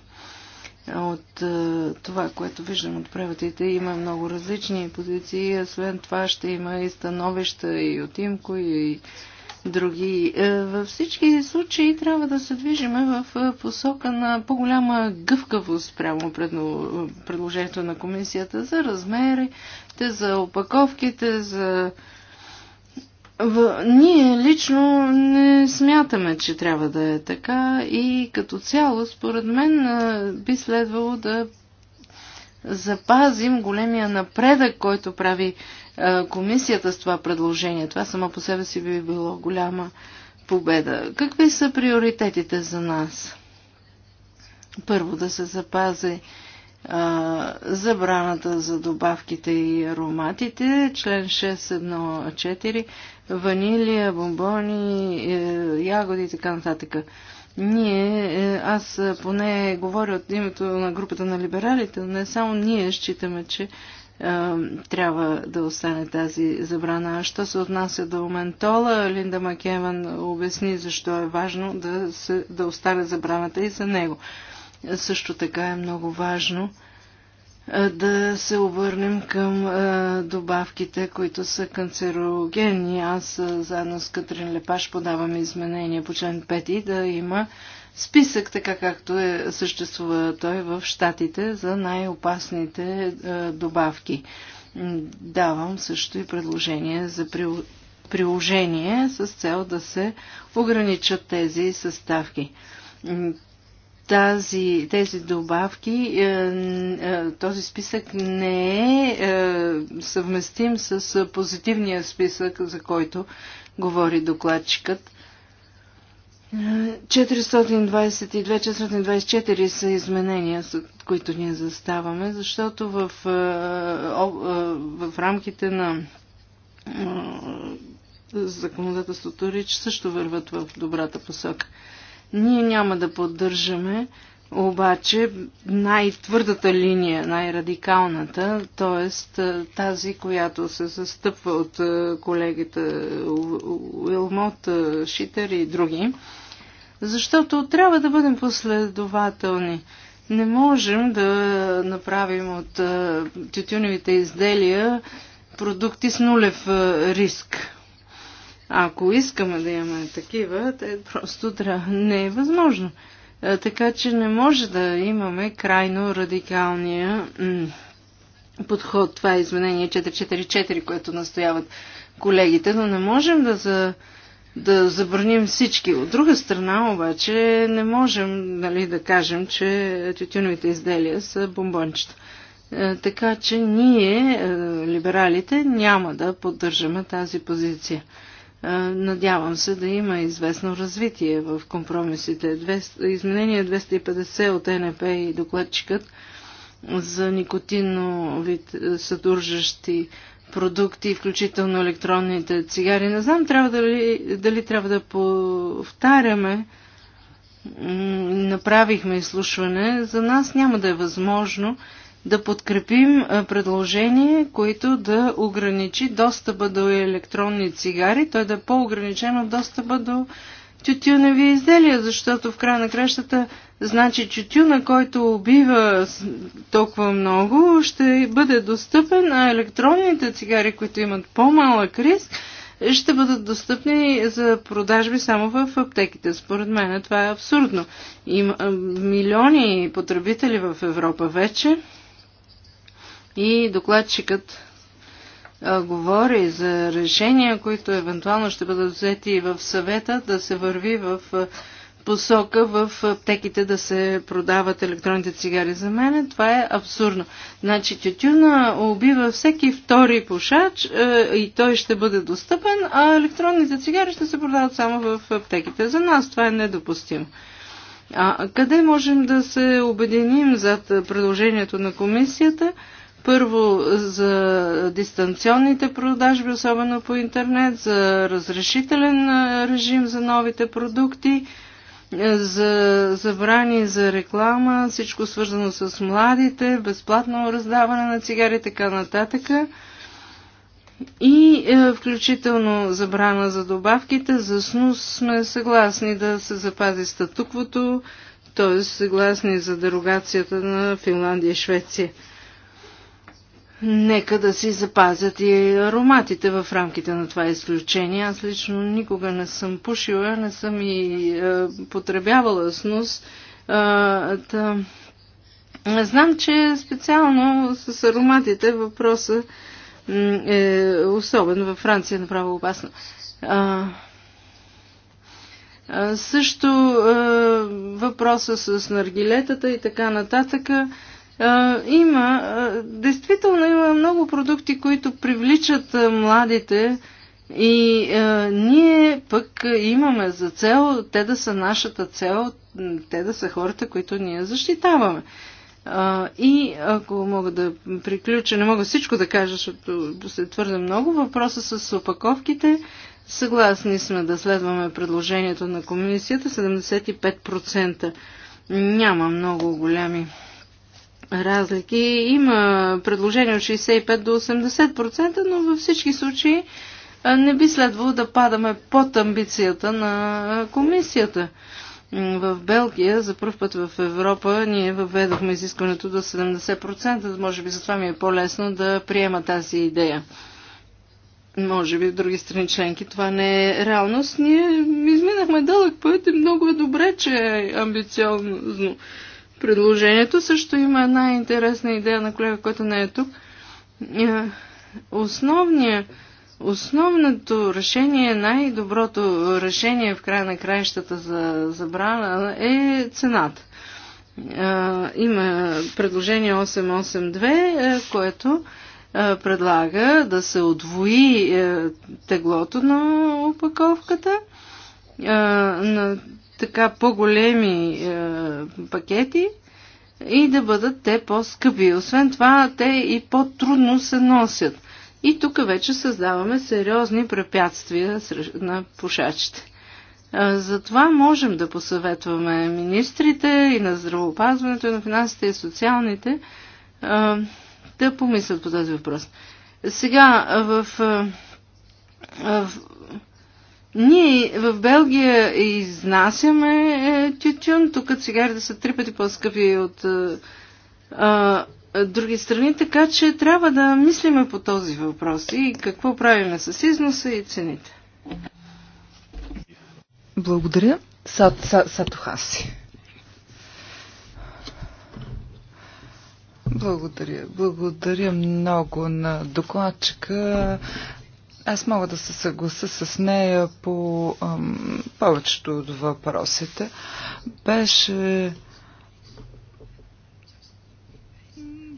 От е, това, което виждам от преводите, има много различни позиции. Освен това ще има и становища и от имко, и други. Е, във всички случаи трябва да се движиме в е, посока на по-голяма гъвкавост прямо е, предложението на комисията за размерите, за опаковките, за в... Ние лично не смятаме, че трябва да е така и като цяло, според мен, би следвало да запазим големия напредък, който прави комисията с това предложение. Това само по себе си би било голяма победа. Какви са приоритетите за нас? Първо да се запази а, забраната за добавките и ароматите, член 6.1.4, ванилия, бомбони, е, ягоди и така нататък. Ние, е, аз е, поне говоря от името на групата на либералите, не само ние считаме, че е, трябва да остане тази забрана. А що се отнася до ментола, Линда Макеван обясни защо е важно да, се, да остане забраната и за него. Също така е много важно е, да се обърнем към е, добавките, които са канцерогени. Аз заедно с Катрин Лепаш подавам изменения по член 5 и да има списък, така както е, съществува той е в Штатите за най-опасните е, добавки. Давам също и предложение за при, приложение с цел да се ограничат тези съставки. Тази, тези добавки, е, е, този списък не е съвместим с позитивния списък, за който говори докладчикът 422-424 са изменения, с които ние заставаме, защото в, в рамките на законодателството Рич също върват в добрата посока. Ние няма да поддържаме обаче най-твърдата линия, най-радикалната, т.е. тази, която се застъпва от е, колегите Уилмот, е, Шитер и други, защото трябва да бъдем последователни. Не можем да направим от е, тютюневите изделия продукти с нулев риск. Ако искаме да имаме такива, те просто трябва... не е възможно. Е, така че не може да имаме крайно радикалния подход. Това е изменение 444, което настояват колегите, но не можем да, за, да забраним всички. От друга страна обаче не можем нали, да кажем, че тютюновите изделия са бомбончета. Е, така че ние, е, либералите, няма да поддържаме тази позиция. Надявам се да има известно развитие в компромисите. Изменение 250 от НП и докладчикът за никотинно вид е, съдържащи продукти, включително електронните цигари. Не знам трябва дали, дали трябва да повтаряме. Направихме изслушване. За нас няма да е възможно да подкрепим предложение, което да ограничи достъпа до електронни цигари, той да е по-ограничен от достъпа до тютюневи изделия, защото в края на кращата значи тютюна, който убива толкова много, ще бъде достъпен, а електронните цигари, които имат по-малък риск, ще бъдат достъпни за продажби само в аптеките. Според мен това е абсурдно. Има милиони потребители в Европа вече, и докладчикът а, говори за решения, които евентуално ще бъдат взети в съвета, да се върви в а, посока в аптеките да се продават електронните цигари. За мен това е абсурдно. Значи тютюна убива всеки втори пушач е, и той ще бъде достъпен, а електронните цигари ще се продават само в аптеките. За нас това е недопустимо. А къде можем да се обединим зад предложението на комисията? Първо за дистанционните продажби, особено по интернет, за разрешителен режим за новите продукти, е, за забрани за реклама, всичко свързано с младите, безплатно раздаване на цигари и така нататък. И е, включително забрана за добавките, за снус сме съгласни да се запази статуквото, т.е. съгласни за дерогацията на Финландия и Швеция нека да си запазят и ароматите в рамките на това изключение. Аз лично никога не съм пушила, не съм и е, потребявала снос. Е, да. Знам, че специално с ароматите въпроса е особен във Франция, е направо опасно. А, е, а, е, също а, въпроса с наргилетата и така нататък. А, е, има, е, действително има много продукти, които привличат е, младите и ние пък имаме за цел, те да са нашата цел, те да са хората, които ние защитаваме. А, и ако мога да приключа, не мога всичко да кажа, защото се твърде много, въпроса с опаковките. Съгласни сме да следваме предложението на комисията 75%. Няма много голями разлики. Има предложение от 65 до 80%, но във всички случаи не би следвало да падаме под амбицията на комисията. В Белгия, за първ път в Европа, ние въведохме изискването до 70%. Може би затова ми е по-лесно да приема тази идея. Може би в други страни членки това не е реалност. Ние изминахме дълъг път и много е добре, че е амбициозно предложението. Също има една интересна идея на колега, който не е тук. Е, основния, Основното решение, най-доброто решение в края на краищата за забрана е цената. Е, има предложение 882, е, което предлага да се отвои теглото на опаковката на така по-големи е, пакети и да бъдат те по-скъпи. Освен това, те и по-трудно се носят. И тук вече създаваме сериозни препятствия на пушачите. Е, затова можем да посъветваме министрите и на здравоопазването, и на финансите и социалните е, да помислят по този въпрос. Сега в, е, в ние в Белгия изнасяме е, тютюн, тук цигарите са три пъти по-скъпи от е, други страни, така че трябва да мислиме по този въпрос и какво правиме с износа и цените. Благодаря. Сат, сатохаси. Благодаря. Благодаря много на докладчика аз мога да се съгласа с нея по ам, повечето от въпросите. Беше.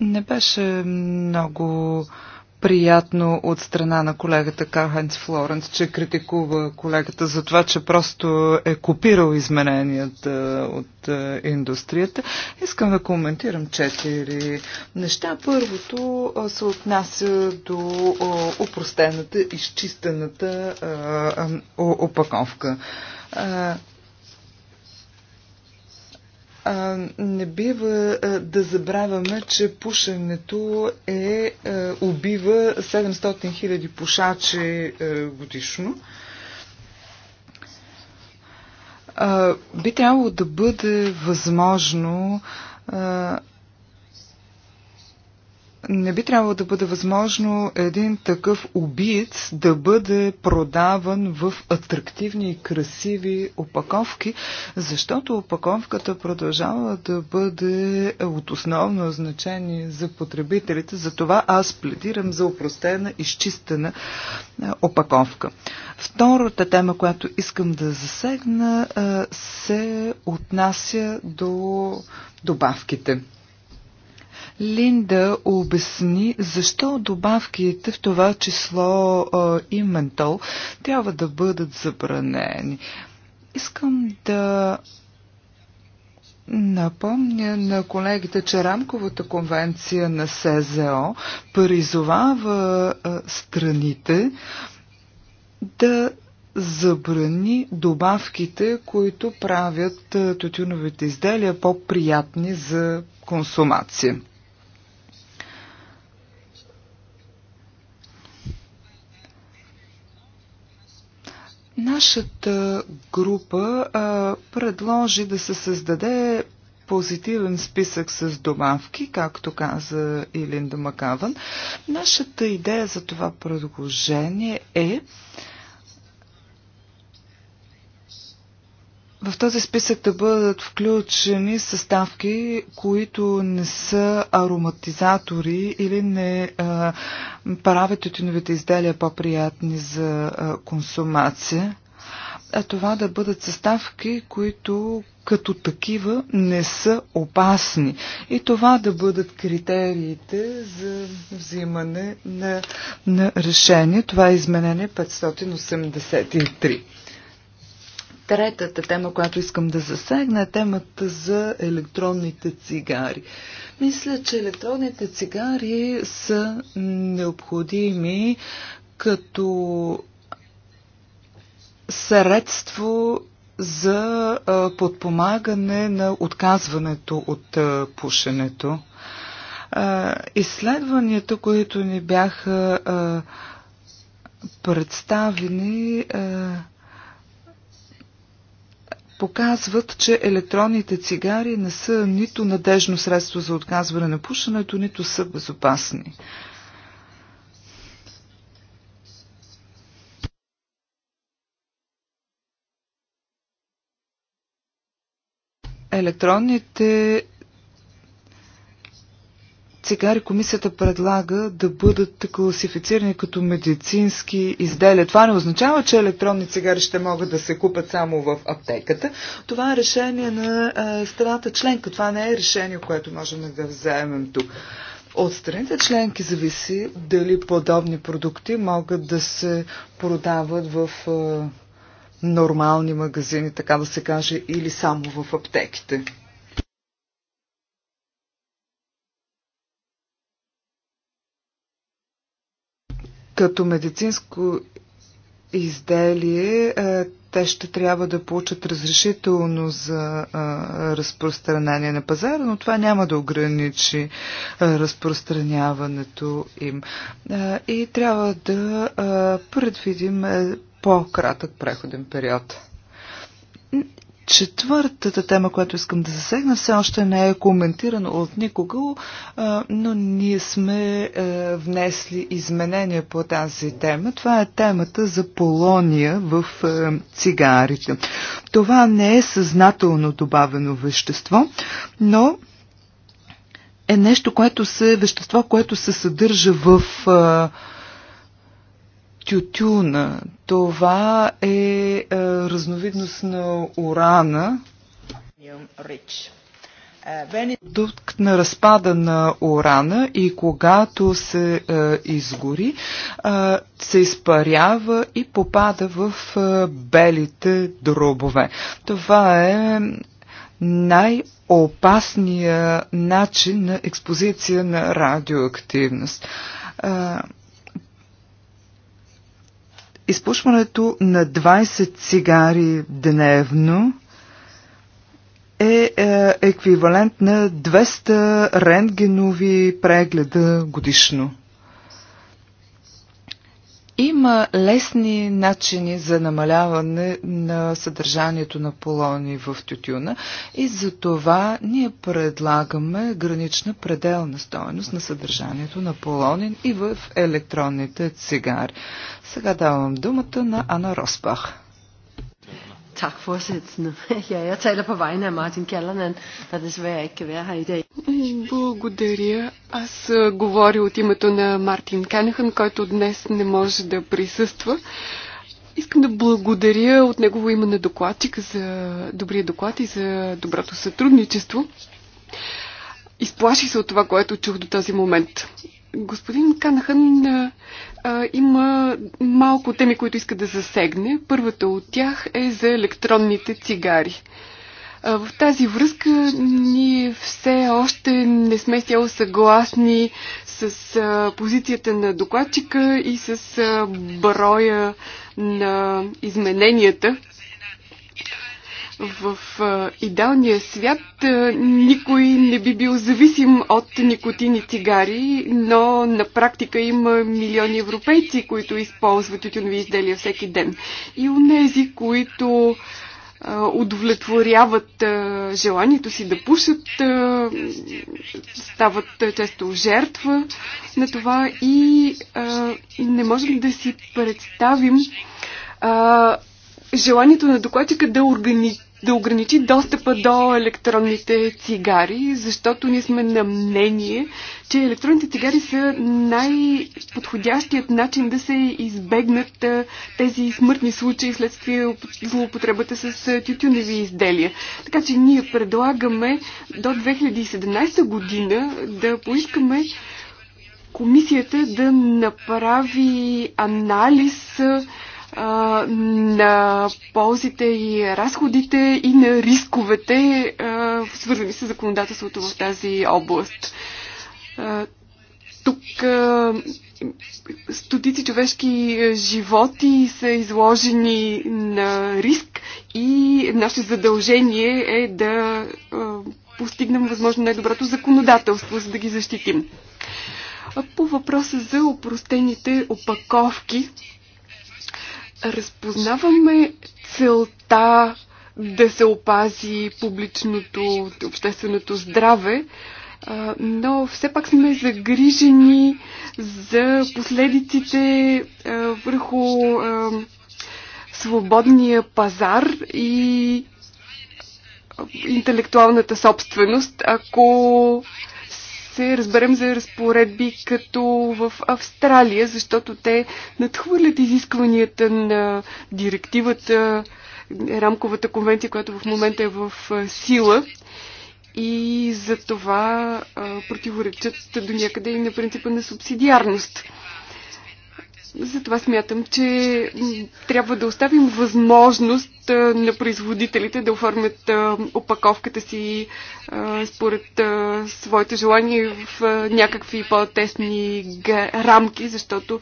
Не беше много приятно от страна на колегата Карханц Флоренс, че критикува колегата за това, че просто е копирал измененията е, от е, индустрията. Искам да коментирам четири неща. Първото е, се отнася до опростената, изчистената опаковка. А, не бива а, да забравяме, че пушенето е, а, убива 700 000 пушачи а, годишно. А, би трябвало да бъде възможно а, не би трябвало да бъде възможно един такъв убиец да бъде продаван в атрактивни и красиви опаковки, защото опаковката продължава да бъде от основно значение за потребителите. Затова аз пледирам за упростена, изчистена е, опаковка. Втората тема, която искам да засегна, е, се отнася до добавките. Линда обясни защо добавките, в това число и ментол, трябва да бъдат забранени. Искам да Напомня на колегите, че рамковата конвенция на СЗО призовава страните да забрани добавките, които правят тютюновите изделия по-приятни за консумация. Нашата група а, предложи да се създаде позитивен списък с добавки, както каза Илинда Макаван. Нашата идея за това предложение е в този списък да бъдат включени съставки, които не са ароматизатори или не а, правят тютюновите изделия по-приятни за а, консумация, а това да бъдат съставки, които като такива не са опасни. И това да бъдат критериите за взимане на, на решение. Това е изменение 583. Третата тема, която искам да засегна, е темата за електронните цигари. Мисля, че електронните цигари са необходими като средство за подпомагане на отказването от пушенето. Изследванията, които ни бяха представени, показват, че електронните цигари не са нито надежно средство за отказване на пушенето, нито са безопасни. електронните цигари комисията предлага да бъдат класифицирани като медицински изделия. Това не означава, че електронни цигари ще могат да се купят само в аптеката. Това е решение на страната членка. Това не е решение, което можем да вземем тук. От страните членки зависи дали подобни продукти могат да се продават в нормални магазини, така да се каже, или само в аптеките. като медицинско изделие, е, те ще трябва да получат разрешително за е, разпространение на пазара, но това няма да ограничи е, разпространяването им. И трябва да предвидим по-кратък преходен период. Четвъртата тема, която искам да засегна, все още не е коментирана от никого, но ние сме е, внесли изменения по тази тема. Това е темата за полония в е, цигарите. Това не е съзнателно добавено вещество, но е нещо, което се, вещество, което се съдържа в е, тютюна. Това е е, разновидност на урана. Продукт на разпада на урана и когато се е, изгори, е, се изпарява и попада в е, белите дробове. Това е най-опасният начин на експозиция на радиоактивност. Е, Изпушването на 20 цигари дневно е, е еквивалент на 200 рентгенови прегледа годишно. Има лесни начини за намаляване на съдържанието на полони в тютюна и за това ние предлагаме гранична пределна стоеност на съдържанието на полонин и в електронните цигари. Сега давам думата на Ана Роспах. Tak, forsittende. Ja, jeg taler på vegne af Martin Kjallanen, der desværre ikke kan være her i dag. Благодаря. Аз говоря от името на Мартин Канехан, който днес не може да присъства. Искам да благодаря от негово име на докладчик за добрия доклад и за доброто сътрудничество. Изплаших се от това, което чух до този момент. Господин Канахан а, има малко теми, които иска да засегне. Първата от тях е за електронните цигари. А, в тази връзка ние все още не сме сяло съгласни с а, позицията на докладчика и с а, броя на измененията, в идеалния свят никой не би бил зависим от никотини цигари, но на практика има милиони европейци, които използват тютюнови изделия всеки ден. И у нези, които удовлетворяват желанието си да пушат, стават често жертва на това и не можем да си представим желанието на докладчика да организира да ограничи достъпа до електронните цигари, защото ние сме на мнение, че електронните цигари са най-подходящият начин да се избегнат тези смъртни случаи следствие злоупотребата с тютюневи изделия. Така че ние предлагаме до 2017 година да поискаме комисията да направи анализ а, на ползите и разходите и на рисковете, а, свързани с законодателството в тази област. А, тук а, стотици човешки животи са изложени на риск и наше задължение е да а, постигнем възможно най-доброто законодателство, за да ги защитим. По въпроса за опростените опаковки, разпознаваме целта да се опази публичното, общественото здраве, но все пак сме загрижени за последиците върху свободния пазар и интелектуалната собственост, ако се разберем за разпоредби като в Австралия, защото те надхвърлят изискванията на директивата, рамковата конвенция, която в момента е в сила и за това противоречат до някъде и на принципа на субсидиарност. Затова смятам, че трябва да оставим възможност на производителите да оформят опаковката си според своите желания в някакви по-тесни рамки, защото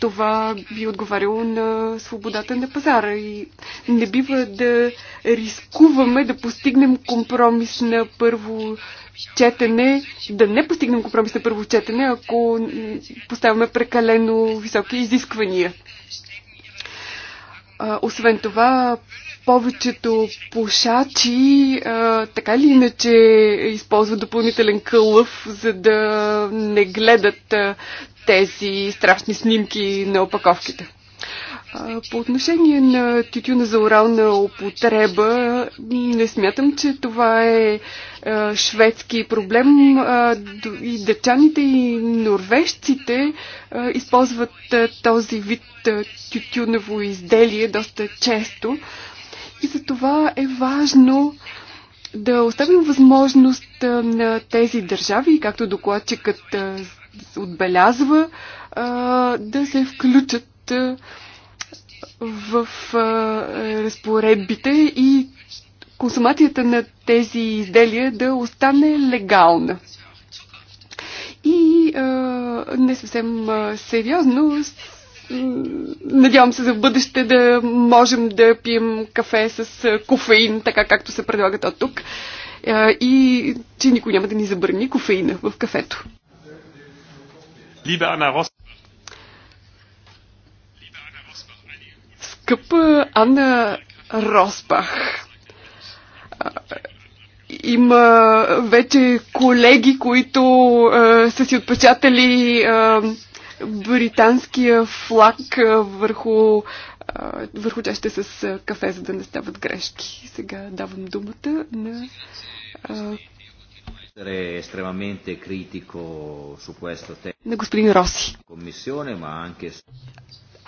това би отговаряло на свободата на пазара. И не бива да рискуваме да постигнем компромис на първо четене, да не постигнем компромис на първо четене, ако поставяме прекалено високи изисквания. А, освен това, повечето пушачи а, така или иначе използват допълнителен кълъв, за да не гледат а, тези страшни снимки на опаковките. По отношение на тютюна за орална употреба, не смятам, че това е шведски проблем. И дъчаните, и норвежците използват този вид тютюново изделие доста често. И за това е важно да оставим възможност на тези държави, както докладчикът отбелязва, да се включат в е, разпоредбите и консумацията на тези изделия да остане легална. И а, не съвсем а, сериозно, надявам се за бъдеще да можем да пием кафе с кофеин, така както се предлагат от тук. А, и че никой няма да ни забрани кофеина в кафето. Либе Рос. скъпа Анна Росбах има вече колеги, които а, са си отпечатали а, британския флаг а, върху, а, върху чаще с а, кафе, за да не стават грешки. Сега давам думата на. Е, на господин Роси.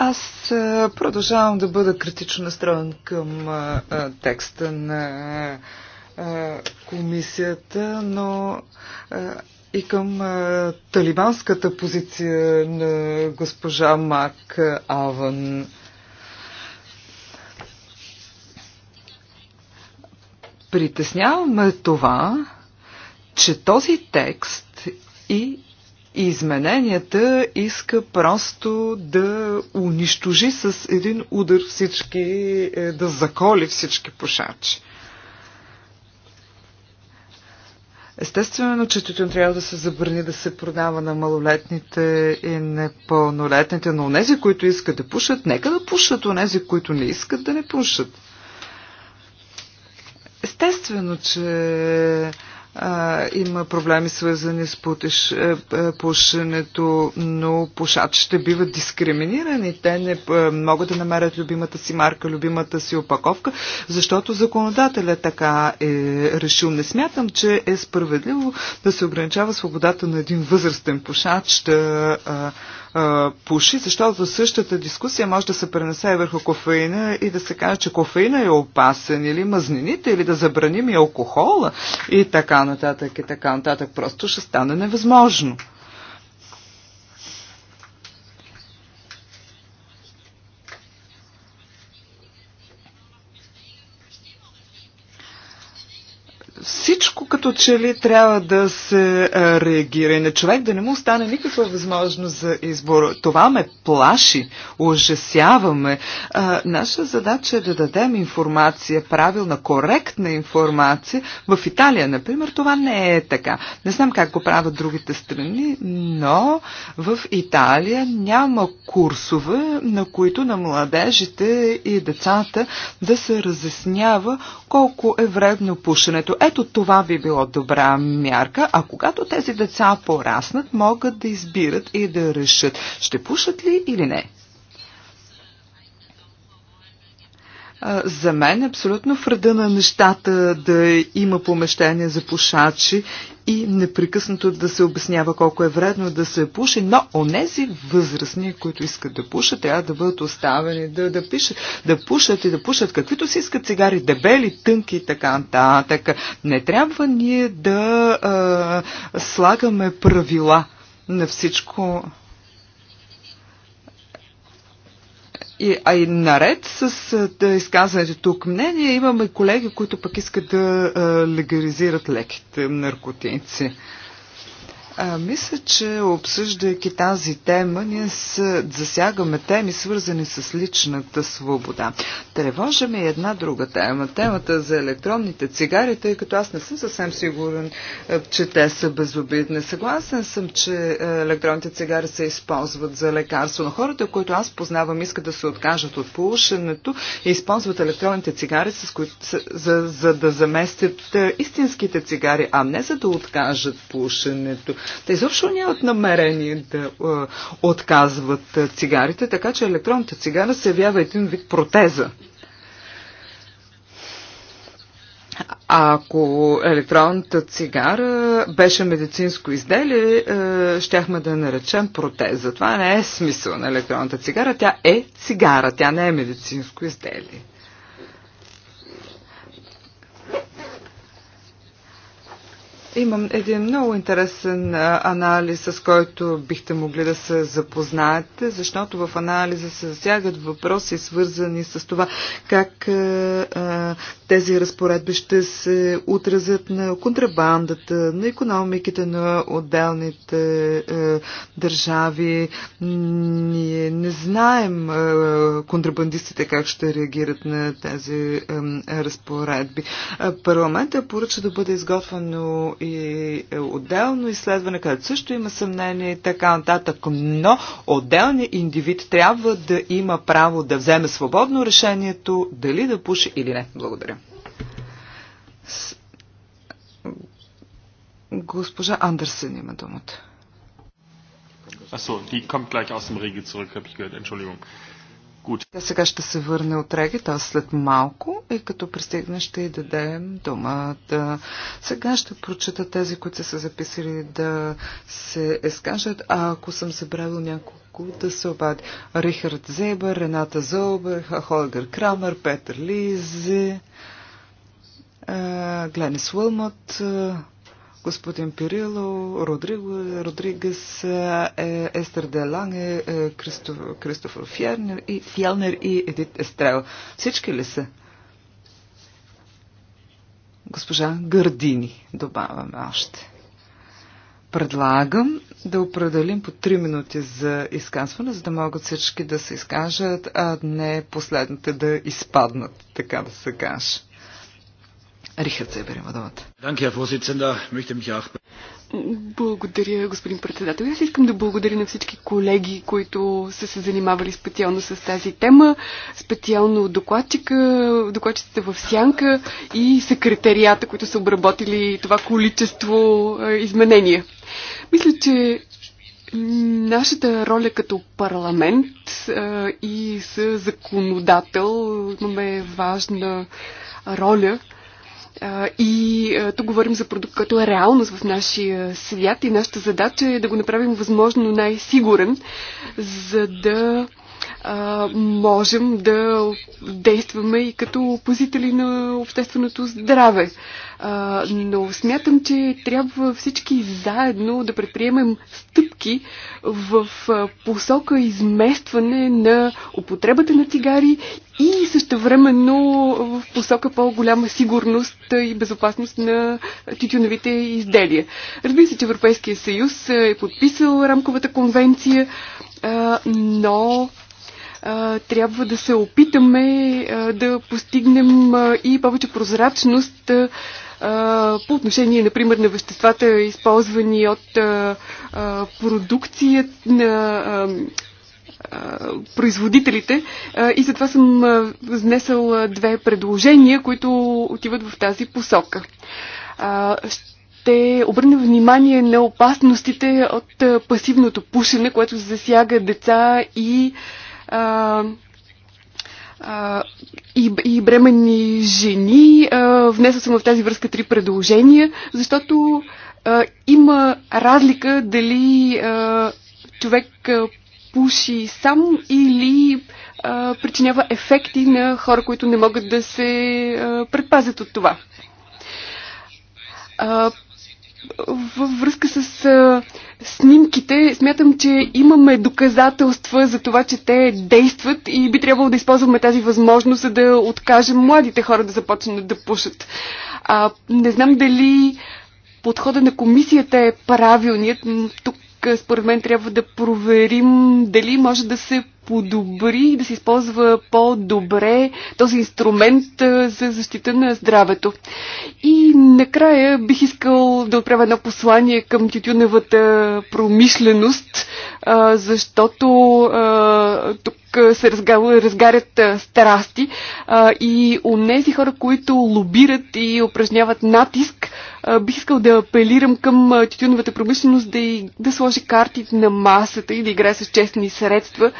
Аз е, продължавам да бъда критично настроен към а, е, е, текста на а, комисията, но а, и към а, талибанската позиция на госпожа Мак Аван. Притесняваме това, че този текст и измененията иска просто да унищожи с един удар всички, е, да заколи всички пушачи. Естествено, че тютюн трябва да се забрани да се продава на малолетните и непълнолетните, но онези, които искат да пушат, нека да пушат, онези, които не искат да не пушат. Естествено, че а, има проблеми свързани с путеш, а, е, е, пушенето, но пушачите биват дискриминирани. Те не а, е, могат да намерят любимата си марка, любимата си опаковка, защото законодателя така е решил. Не смятам, че е справедливо да се ограничава свободата на един възрастен пушач да а, пуши, защото същата дискусия може да се пренесе върху кофеина и да се каже, че кофеина е опасен или мазнините, или да забраним и алкохола и така нататък и така нататък. Просто ще стане невъзможно. като че ли трябва да се реагира и на човек да не му остане никаква възможност за избор. Това ме плаши, ужасяваме. А, наша задача е да дадем информация, правилна, коректна информация. В Италия, например, това не е така. Не знам как го правят другите страни, но в Италия няма курсове, на които на младежите и децата да се разяснява колко е вредно пушенето. Ето това би било добра мярка, а когато тези деца пораснат, могат да избират и да решат, ще пушат ли или не. За мен е абсолютно в ръда на нещата да има помещение за пушачи и непрекъснато да се обяснява колко е вредно да се пуши, но онези възрастни, които искат да пушат, трябва да бъдат оставени да, да пишат, да пушат и да пушат каквито си искат цигари, дебели, тънки и така нататък. Не трябва ние да а, слагаме правила на всичко И, а и наред с да изказаните тук мнение, имаме колеги, които пък искат да а, легализират леките наркотици. А, мисля, че обсъждайки тази тема, ние се засягаме теми, свързани с личната свобода. Тревожаме и една друга тема. Темата за електронните цигари, тъй като аз не съм съвсем сигурен, е, че те са безобидни. Съгласен съм, че е, електронните цигари се използват за лекарство, но хората, които аз познавам, искат да се откажат от полушенето и използват електронните цигари, с които, за, за да заместят е, истинските цигари, а не за да откажат пушенето. Те изобщо нямат намерение да а, е, отказват е, цигарите, така че електронната цигара се явява един вид протеза. Ако електронната цигара беше медицинско изделие, е, щяхме да наречем протеза. Това не е смисъл на електронната цигара. Тя е цигара, тя не е медицинско изделие. Имам един много интересен анализ, с който бихте могли да се запознаете, защото в анализа се засягат въпроси, свързани с това как а, тези разпоредби ще се отразят на контрабандата, на економиките на отделните а, държави. Ние не знаем а, контрабандистите как ще реагират на тези а, разпоредби. Парламентът поръча да бъде изготвено и отделно изследване, където също има съмнение и така нататък. Но отделният индивид трябва да има право да вземе свободно решението дали да пуши или не. Благодаря. Госпожа Андерсен има думата. Achso, die kommt gleich aus dem Regel zurück, habe ich gehört. Entschuldigung. Тя сега ще се върне от Реги, т.е. след малко и като пристигне ще й дадем думата. Сега ще прочита тези, които са се записали да се изкажат, а ако съм забравил няколко да се обади. Рихард Зебър, Рената Зобер, Холгер Крамер, Петър Лизи, е, Гленис Уилмот, господин Пирило, Родриго, Родригес, е, е, Естер де Ланге, е, Кристоф, Фьернер и, Фьелнер и Едит Естрел. Всички ли са? Госпожа Гърдини, добавяме още. Предлагам да определим по 3 минути за изказване, за да могат всички да се изкажат, а не последните да изпаднат, така да се каже. Рихард Себер има думата. Благодаря, господин председател. Аз искам да благодаря на всички колеги, които са се занимавали специално с тази тема, специално докладчика, докладчиците в Сянка и секретарията, които са обработили това количество изменения. Мисля, че Нашата роля като парламент а, и с законодател имаме важна роля и тук говорим за продукт, който е реалност в нашия свят и нашата задача е да го направим възможно най-сигурен, за да а, можем да действаме и като опозители на общественото здраве. А, но смятам, че трябва всички заедно да предприемем стъпки в посока изместване на употребата на цигари и същевременно в посока по-голяма сигурност и безопасност на тютюновите изделия. Разбира се, че Европейския съюз е подписал рамковата конвенция, но трябва да се опитаме да постигнем и повече прозрачност по отношение, например, на веществата, използвани от продукция на производителите и затова съм внесъл две предложения, които отиват в тази посока. Ще обърна внимание на опасностите от пасивното пушене, което засяга деца и а, и, и бременни жени. А, внесъл съм в тази връзка три предложения, защото а, има разлика дали а, човек а, пуши сам или а, причинява ефекти на хора, които не могат да се а, предпазят от това във връзка с а, снимките, смятам, че имаме доказателства за това, че те действат и би трябвало да използваме тази възможност, за да откажем младите хора да започнат да пушат. А, не знам дали подхода на комисията е правилният. Тук, според мен, трябва да проверим дали може да се подобри да се използва по-добре този инструмент за защита на здравето. И накрая бих искал да отправя едно послание към тютюневата промишленост, защото тук се разгарят страсти и у нези хора, които лобират и упражняват натиск, бих искал да апелирам към тютюновата промишленост да, и, да сложи картите на масата и да играе с честни средства,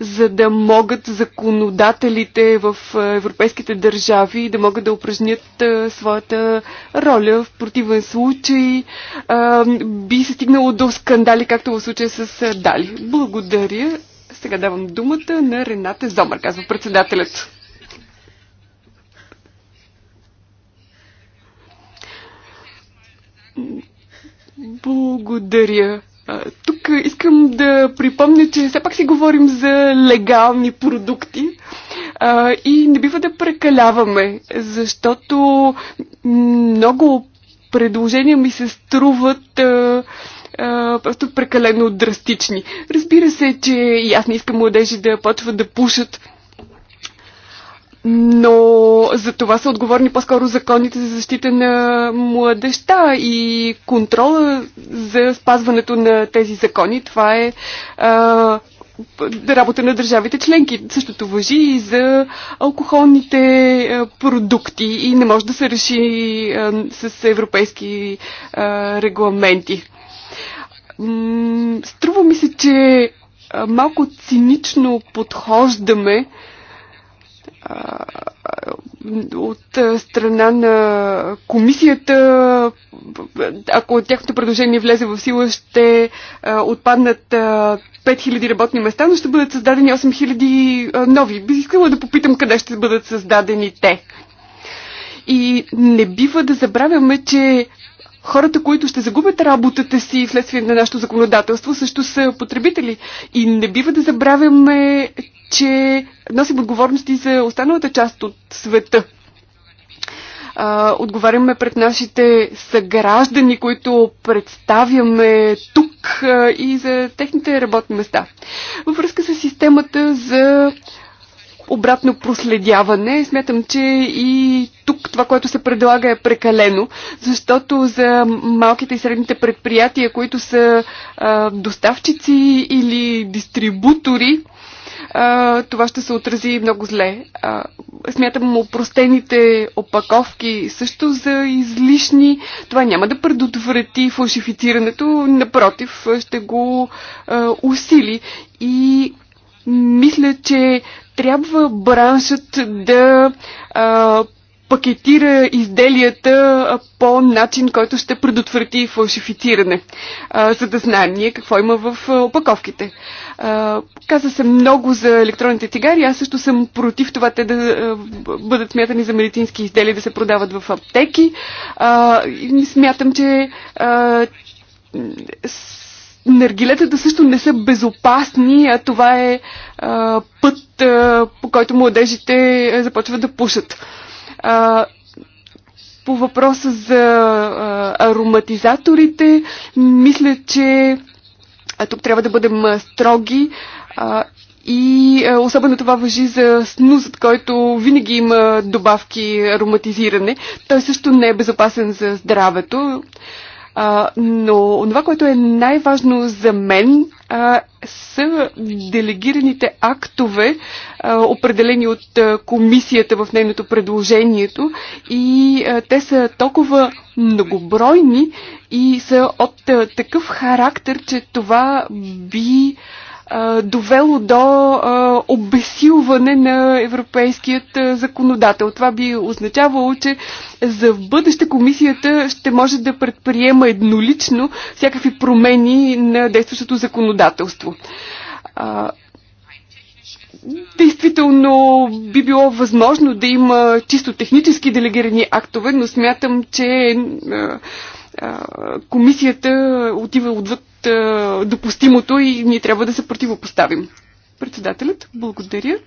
за да могат законодателите в европейските държави да могат да упражнят своята роля. В противен случай би се стигнало до скандали, както в случая с Дали. Благодаря. Сега давам думата на Рената Зомър, казва председателят. Благодаря. Тук искам да припомня, че все пак си говорим за легални продукти а, и не бива да прекаляваме, защото много предложения ми се струват а, а, просто прекалено драстични. Разбира се, че и аз не искам младежи да почват да пушат, но за това са отговорни по-скоро законите за защита на младеща и контрола за спазването на тези закони. Това е а, работа на държавите членки. Същото въжи и за алкохолните продукти и не може да се реши с европейски регламенти. Струва ми се, че малко цинично подхождаме от страна на комисията, ако тяхното предложение влезе в сила, ще отпаднат 5000 работни места, но ще бъдат създадени 8000 нови. Би искала да попитам къде ще бъдат създадени те. И не бива да забравяме, че Хората, които ще загубят работата си вследствие на нашето законодателство, също са потребители. И не бива да забравяме, че носим отговорности за останалата част от света отговаряме пред нашите съграждани, които представяме тук и за техните работни места. Във връзка с системата за обратно проследяване. Смятам, че и тук това, което се предлага е прекалено, защото за малките и средните предприятия, които са а, доставчици или дистрибутори, а, това ще се отрази много зле. А, смятам опростените опаковки също за излишни. Това няма да предотврати фалшифицирането, напротив, ще го а, усили. И мисля, че трябва браншът да а, пакетира изделията по начин, който ще предотврати фалшифициране, а, за да знаем ние какво има в опаковките. Каза се много за електронните цигари. Аз също съм против това те да а, бъдат смятани за медицински изделия, да се продават в аптеки. А, и смятам, че а, наргилетата също не са безопасни, а това е а, път, а, по който младежите започват да пушат. А, по въпроса за а, ароматизаторите, мисля, че а, тук трябва да бъдем а, строги. А, и а, особено това въжи за снузът, който винаги има добавки ароматизиране. Той също не е безопасен за здравето. А, а, но това, което е най-важно за мен, а, са делегираните актове, а, определени от а, комисията в нейното предложението. И а, те са толкова многобройни и са от а, такъв характер, че това би а, довело до обесилване на европейският законодател. Това би означавало, че за в бъдеще комисията ще може да предприема еднолично всякакви промени на действащото законодателство. Действително би било възможно да има чисто технически делегирани актове, но смятам, че комисията отива отвъд е, допустимото и ние трябва да се противопоставим. Председателят, благодаря.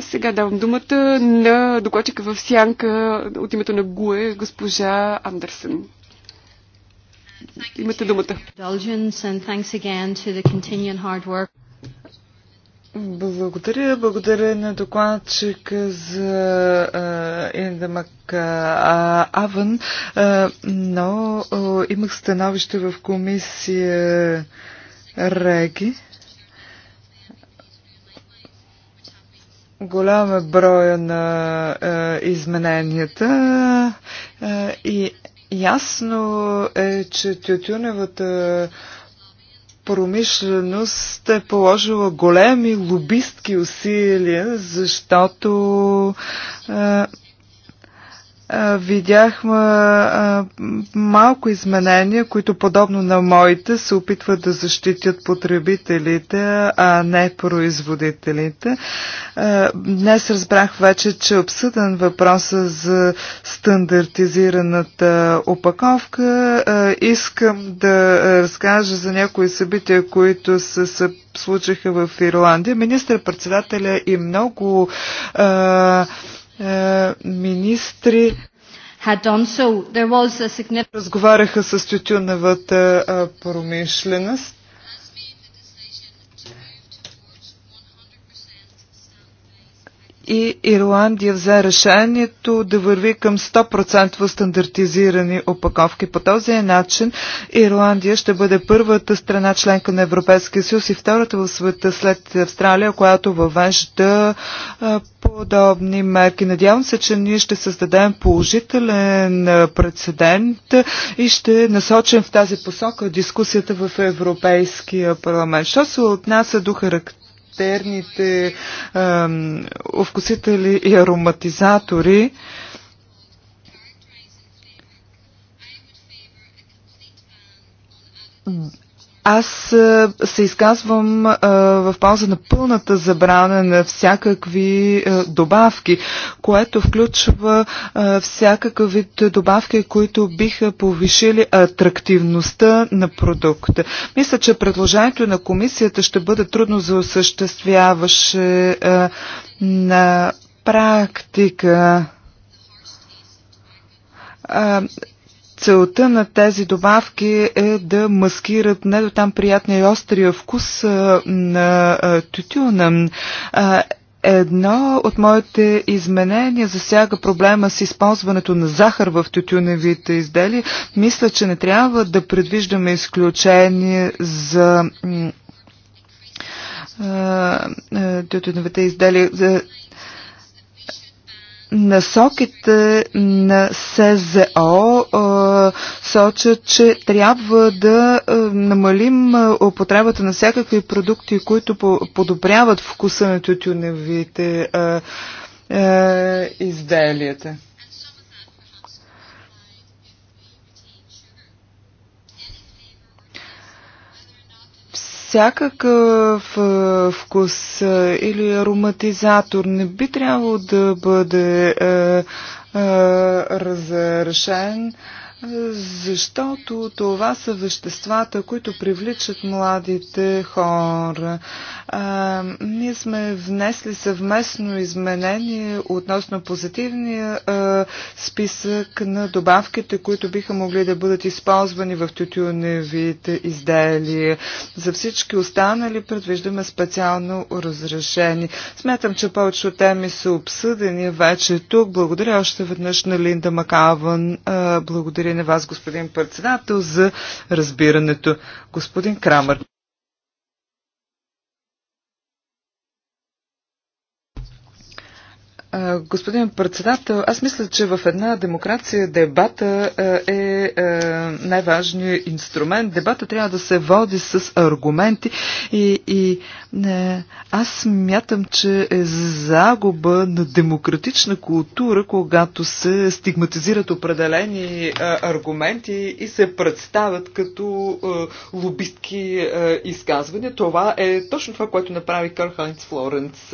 Сега давам думата на докладчика в сянка от името на ГУЕ, госпожа Андерсен. Имате думата. Благодаря. Благодаря на докладчика за Инда Мак Аван, но имах становище в комисия Реги. Голяма е броя на измененията и ясно е, че тютюневата а, промишленост е положила големи лобистки усилия, защото е, видяхме малко изменения, които подобно на моите се опитват да защитят потребителите, а не производителите. Днес разбрах вече, че е обсъден въпроса за стандартизираната опаковка. Искам да разкажа за някои събития, които се случиха в Ирландия. Министър-председателя и много а, е, министри so, significant... разговаряха с тютюневата е, промишленост и Ирландия взе решението да върви към 100% стандартизирани опаковки. По този начин Ирландия ще бъде първата страна членка на Европейския съюз и втората в света след Австралия, която въвежда подобни мерки. Надявам се, че ние ще създадем положителен прецедент и ще насочим в тази посока дискусията в Европейския парламент. Що се отнася до характер характерните ам, овкусители и ароматизатори. Mm. Аз е, се изказвам е, в полза на пълната забрана на всякакви е, добавки, което включва всякакъв вид добавки, които биха повишили атрактивността на продукта. Мисля, че предложението на комисията ще бъде трудно за осъществяваше на практика Целта на тези добавки е да маскират не до там приятния и острия вкус на тютюна. Едно от моите изменения засяга проблема с използването на захар в тютюневите изделия. Мисля, че не трябва да предвиждаме изключение за тютюневите изделия. Насоките на СЗО а, сочат, че трябва да а, намалим употребата на всякакви продукти, които по подобряват вкуса на тютюневите а, а, изделията. всякакъв е, вкус е, или ароматизатор не би трябвало да бъде е, разрешен защото това са веществата, които привличат младите хора. А, ние сме внесли съвместно изменение относно позитивния а, списък на добавките, които биха могли да бъдат използвани в тютюневите изделия. За всички останали предвиждаме специално разрешение. Смятам, че повечето теми са обсъдени вече тук. Благодаря още веднъж на Линда Макаван. А, благодаря благодаря и на вас, господин председател, за разбирането. Господин Крамър. Господин председател, аз мисля, че в една демокрация дебата е най-важният инструмент. Дебата трябва да се води с аргументи и, и не, аз мятам, че е загуба на демократична култура, когато се стигматизират определени аргументи и се представят като лобистки изказвания. Това е точно това, което направи Карл Хайнц Флоренц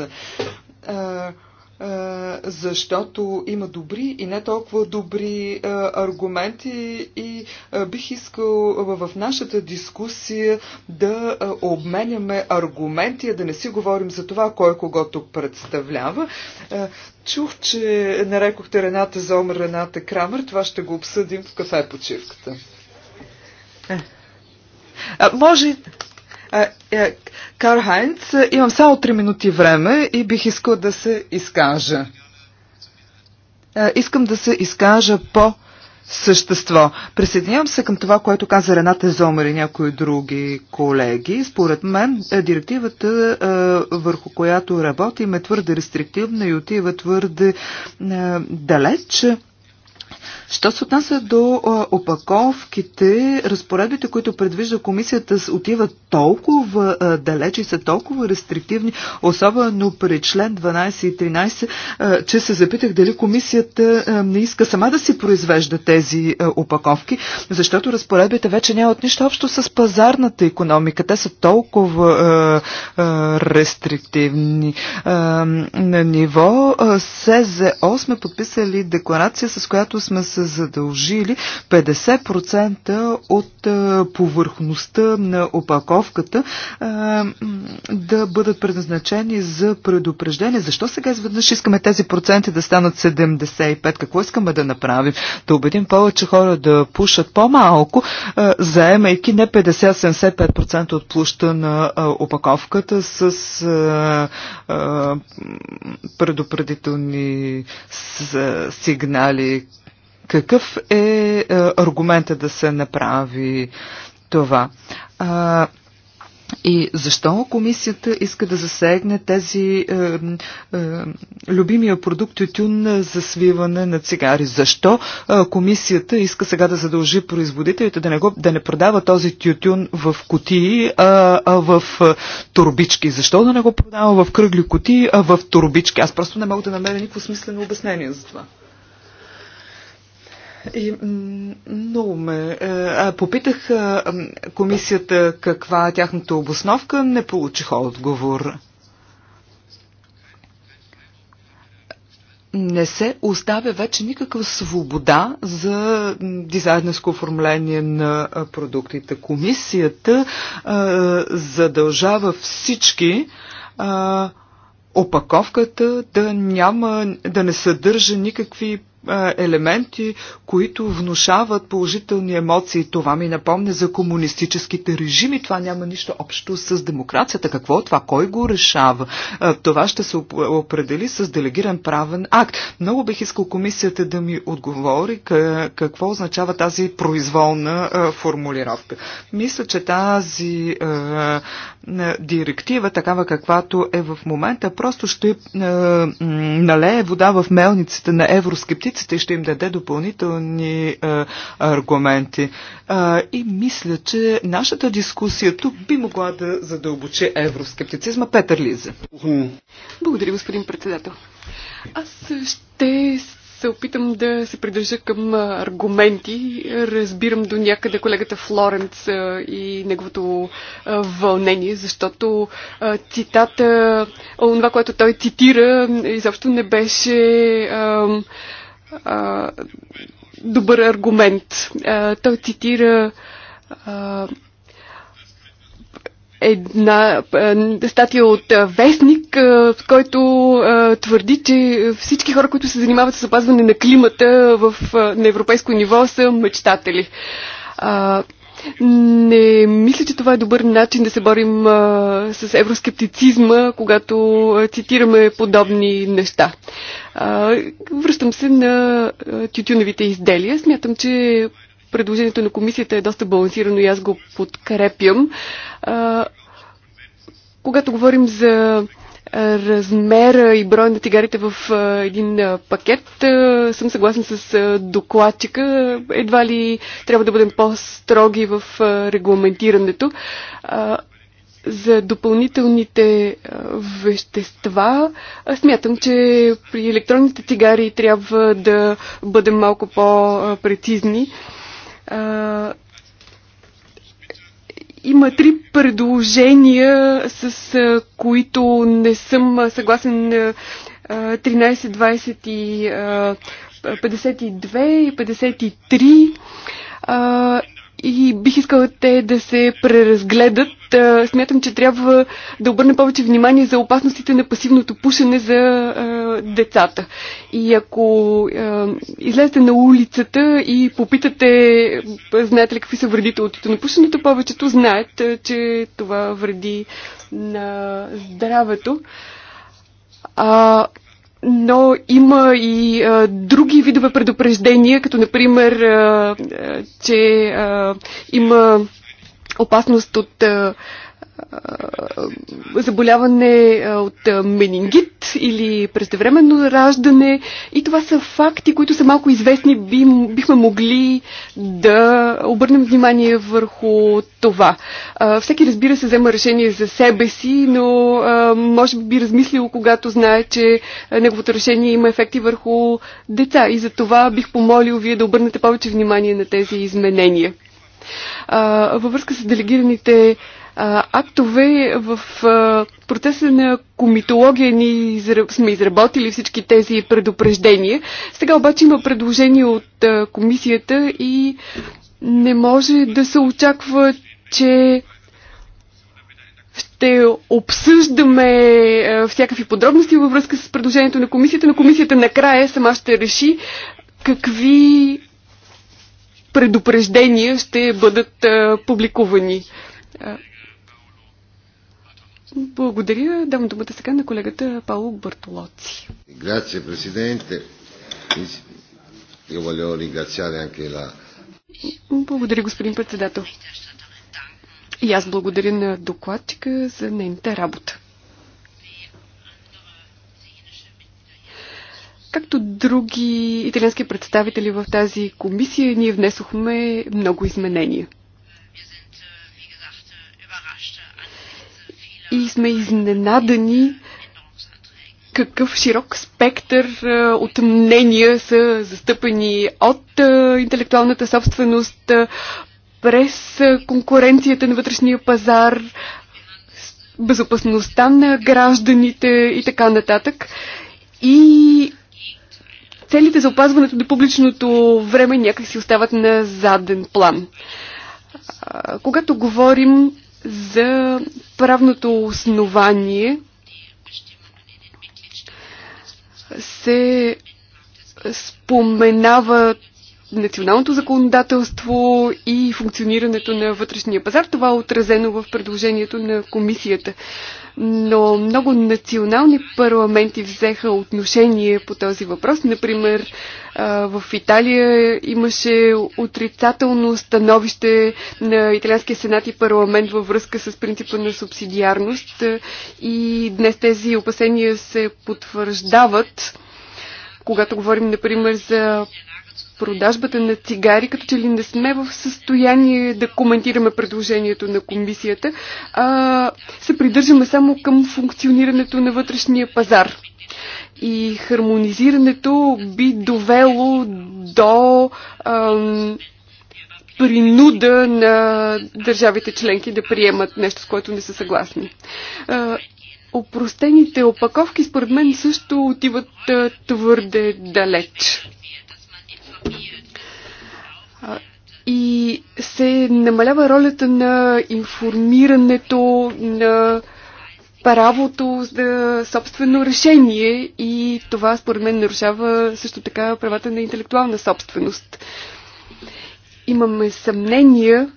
защото има добри и не толкова добри аргументи и бих искал в нашата дискусия да обменяме аргументи, да не си говорим за това кой когото представлява. Чух, че нарекохте Рената Зомер, Рената Крамер. Това ще го обсъдим в кафе почивката. А, може е, Карл Хайнц, имам само 3 минути време и бих искал да се изкажа. Е, искам да се изкажа по същество. Присъединявам се към това, което каза Рената Зомер и някои други колеги. Според мен е, директивата, върху която работим, е твърде рестриктивна и отива твърде далеч Що се отнася до опаковките, разпоредбите, които предвижда комисията, отиват толкова далеч и са толкова рестриктивни, особено при член 12 и 13, че се запитах дали комисията не иска сама да си произвежда тези опаковки, защото разпоредбите вече нямат нищо общо с пазарната економика. Те са толкова рестриктивни. На ниво СЗО сме подписали декларация, с която сме се са задължили 50% от повърхността на опаковката да бъдат предназначени за предупреждение. Защо сега изведнъж искаме тези проценти да станат 75? Какво искаме да направим? Да убедим повече хора да пушат по-малко, заемайки не 50-75% от площа на опаковката с предупредителни сигнали какъв е, е аргумента да се направи това? А, и защо комисията иска да засегне тези е, е, любимия продукт тютюн за свиване на цигари? Защо е, комисията иска сега да задължи производителите да не, го, да не продава този тютюн в кутии, а, а в е, турбички? Защо да не го продава в кръгли кутии, а в турбички? Аз просто не мога да намеря никакво смислено обяснение за това. И, много ме. Е, а, попитах а, е, комисията каква е тяхната обосновка, не получих отговор. Не се оставя вече никаква свобода за дизайнерско оформление на продуктите. Комисията а, е, задължава всички а, опаковката да няма, да не съдържа никакви е, елементи, които внушават положителни емоции. Това ми напомня за комунистическите режими. Това няма нищо общо с демокрацията. Какво е това? Кой го решава? Е, това ще се определи с делегиран правен акт. Много бих искал комисията да ми отговори какво означава тази произволна е, формулировка. Мисля, че тази директива, такава каквато е в момента, просто ще е, налее вода в мелниците на евроскептиците и ще им даде допълнителни е, аргументи. Е, и мисля, че нашата дискусия тук би могла да задълбочи евроскептицизма. Петър Лиза. Благодаря, господин председател. Аз ще се опитам да се придържа към аргументи. Разбирам до някъде колегата Флоренц и неговото вълнение, защото цитата, това, което той цитира, изобщо не беше добър аргумент. той цитира една е, статия от е, Вестник, е, в който твърди, че всички хора, които се занимават с опазване на климата в, на европейско ниво, са мечтатели. Не мисля, че това е добър начин да се борим а, с евроскептицизма, когато а, цитираме подобни неща. А, връщам се на а, тютюневите изделия. Смятам, че предложението на комисията е доста балансирано и аз го подкрепям. А, когато говорим за размера и броя на цигарите в един пакет, съм съгласен с докладчика. Едва ли трябва да бъдем по-строги в регламентирането. За допълнителните вещества смятам, че при електронните цигари трябва да бъдем малко по-прецизни. А, има три предложения, с а, които не съм съгласен. А, 13, 20 и а, 52 и 53. А, и бих искала те да се преразгледат. Смятам, че трябва да обърне повече внимание за опасностите на пасивното пушене за а, децата. И ако а, излезете на улицата и попитате, знаете ли какви са вредите от пушенето, повечето знаят, че това вреди на здравето. А, но има и а, други видове предупреждения, като например, а, а, че а, има опасност от а, заболяване от менингит или преждевременно раждане. И това са факти, които са малко известни. бихме могли да обърнем внимание върху това. Всеки, разбира се, взема решение за себе си, но може би размислил, когато знае, че неговото решение има ефекти върху деца. И за това бих помолил вие да обърнете повече внимание на тези изменения. Във връзка с делегираните а, актове в а, процеса на комитология ни изра... сме изработили всички тези предупреждения. Сега обаче има предложение от а, комисията и не може да се очаква, че ще обсъждаме всякакви подробности във връзка с предложението на комисията, но комисията накрая сама ще реши какви предупреждения ще бъдат публикувани. Благодаря. Дам думата сега на колегата Пауло Бартолоци. Грация, президенте. Благодаря, господин председател. И аз благодаря на докладчика за нейната работа. Както други италиански представители в тази комисия, ние внесохме много изменения. и сме изненадани какъв широк спектър е, от мнения са застъпени от е, интелектуалната собственост е, през конкуренцията на вътрешния пазар, безопасността на гражданите и така нататък. И целите за опазването на публичното време някак си остават на заден план. Когато говорим за правното основание се споменават националното законодателство и функционирането на вътрешния пазар. Това е отразено в предложението на комисията. Но много национални парламенти взеха отношение по този въпрос. Например, в Италия имаше отрицателно становище на Италианския сенат и парламент във връзка с принципа на субсидиарност и днес тези опасения се потвърждават когато говорим, например, за продажбата на цигари, като че ли не сме в състояние да коментираме предложението на комисията, а се придържаме само към функционирането на вътрешния пазар. И хармонизирането би довело до ам, принуда на държавите членки да приемат нещо, с което не са съгласни. А, опростените опаковки, според мен, също отиват а, твърде далеч и се намалява ролята на информирането, на правото за собствено решение и това според мен нарушава също така правата на интелектуална собственост. Имаме съмнения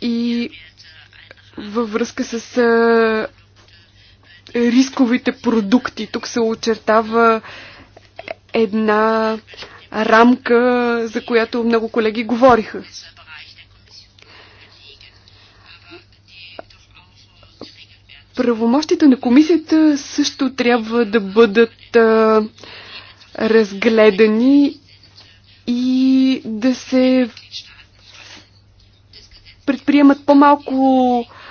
и във връзка с рисковите продукти. Тук се очертава една рамка, за която много колеги говориха. Правомощите на комисията също трябва да бъдат а, разгледани и да се предприемат по-малко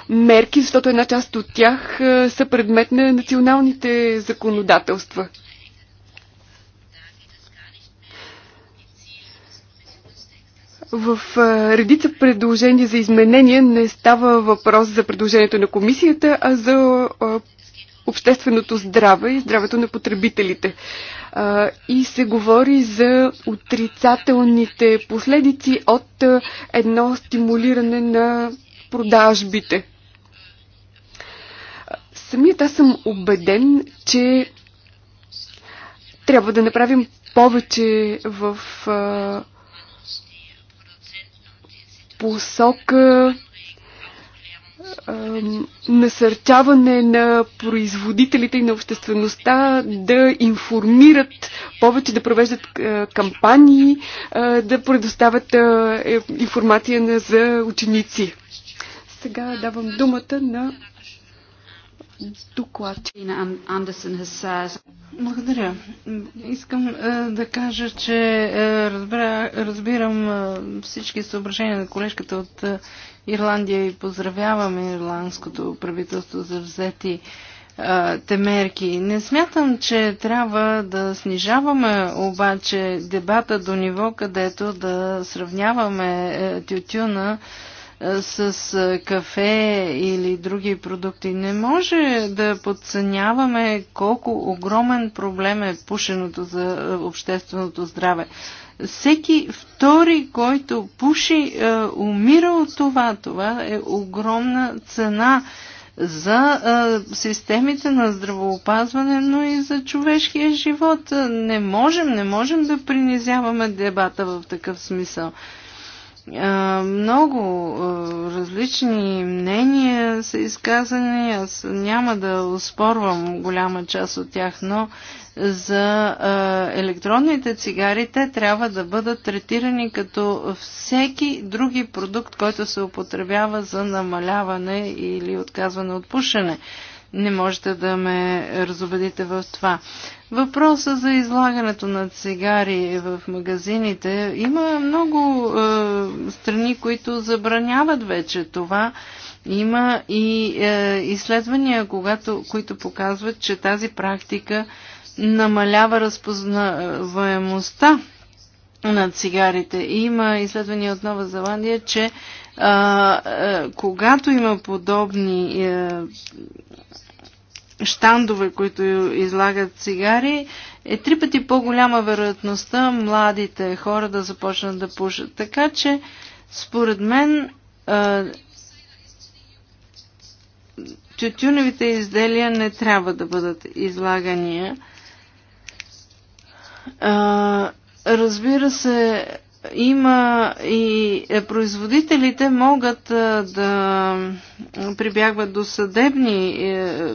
мерки, защото една част от тях е, са предмет на националните законодателства. В е, редица предложения за изменения не става въпрос за предложението на комисията, а за е, общественото здраве и здравето на потребителите. И се говори за отрицателните последици от едно стимулиране на продажбите. Самият аз съм убеден, че трябва да направим повече в а, посока а, насърчаване на производителите и на обществеността да информират повече, да провеждат а, кампании, а, да предоставят а, е, информация на, за ученици. Сега давам думата на доклад. Благодаря. Искам е, да кажа, че е, разбира, разбирам е, всички съображения на колежката от Ирландия и поздравявам ирландското правителство за взети те мерки. Не смятам, че трябва да снижаваме обаче дебата до ниво, където да сравняваме тютюна с кафе или други продукти. Не може да подценяваме колко огромен проблем е пушеното за общественото здраве. Всеки втори, който пуши, умира от това. Това е огромна цена за системите на здравоопазване, но и за човешкия живот. Не можем, не можем да принизяваме дебата в такъв смисъл много различни мнения са изказани. Аз няма да оспорвам голяма част от тях, но за електронните цигари те трябва да бъдат третирани като всеки други продукт, който се употребява за намаляване или отказване от пушене. Не можете да ме разобедите в това. Въпроса за излагането на цигари в магазините. Има много е, страни, които забраняват вече това. Има и е, изследвания, когато, които показват, че тази практика намалява разпознаваемостта на цигарите. Има изследвания от Нова Зеландия, че е, е, когато има подобни Е, щандове, които излагат цигари, е три пъти по-голяма вероятността младите хора да започнат да пушат. Така че, според мен, тютюневите изделия не трябва да бъдат излагания. Разбира се, има и производителите могат да прибягват до съдебни е,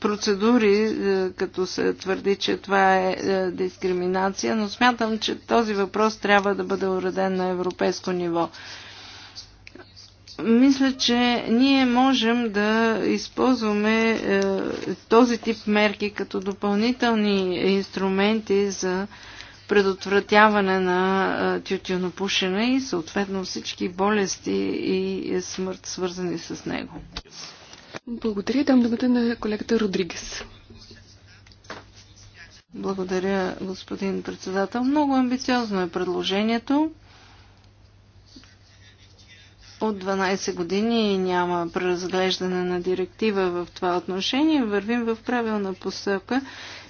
процедури, е, като се твърди, че това е, е дискриминация, но смятам, че този въпрос трябва да бъде уреден на европейско ниво. Мисля, че ние можем да използваме този тип мерки като допълнителни инструменти за предотвратяване на тютюнопушене и съответно всички болести и смърт, свързани с него. Благодаря. Дам думата на колегата Родригес. Благодаря, господин председател. Много амбициозно е предложението. От 12 години няма преразглеждане на директива в това отношение. Вървим в правилна посока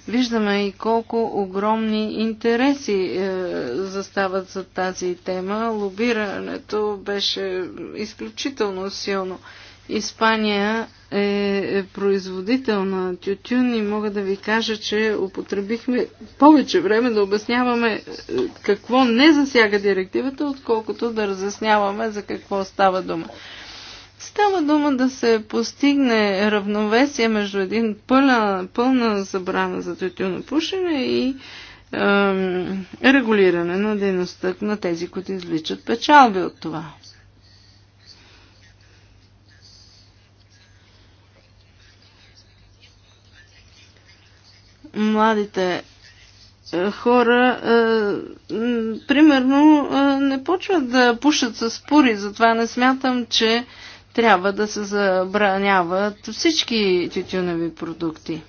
Виждаме и колко огромни интереси е, застават за тази тема. Лобирането беше изключително силно. Испания е, е производител на тютюн и мога да ви кажа, че употребихме повече време да обясняваме е, какво не засяга директивата, отколкото да разясняваме за какво става дума. Става дума да се постигне равновесие между един пълна, пълна забрана за пушене и ем, регулиране на дейността на тези, които изличат печалби от това. Младите е, хора, е, примерно, е, не почват да пушат с пури, затова не смятам, че трябва да се забраняват всички тютюневи продукти.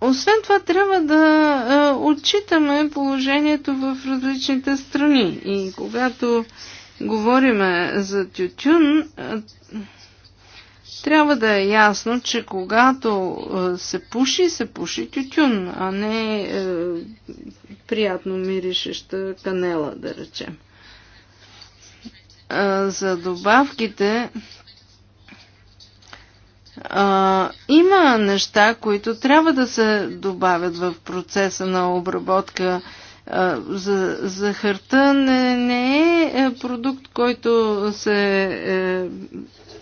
Освен това, трябва да е, отчитаме положението в различните страни. И когато говориме за тютюн, е, трябва да е ясно, че когато е, се пуши, се пуши тютюн, а не е, приятно миришеща канела, да речем. Е, за добавките а, е, има неща, които трябва да се добавят в процеса на обработка за, харта не, не е, е продукт, който се е,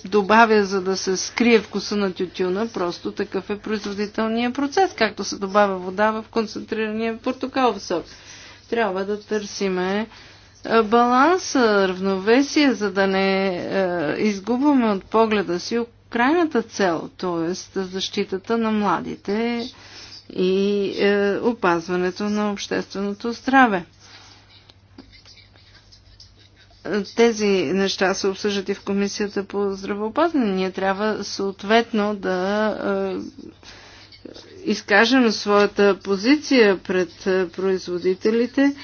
добавя за да се скрие вкуса на тютюна, просто такъв е производителният процес, както се добавя вода в концентрирания портокалов сок. Трябва да търсиме е, баланс, равновесие, за да не е, изгубваме от погледа си крайната цел, т.е. защитата на младите и е, опазването на общественото здраве. Тези неща се обсъждат и в Комисията по здравеопазване. Ние трябва съответно да е, изкажем своята позиция пред е, производителите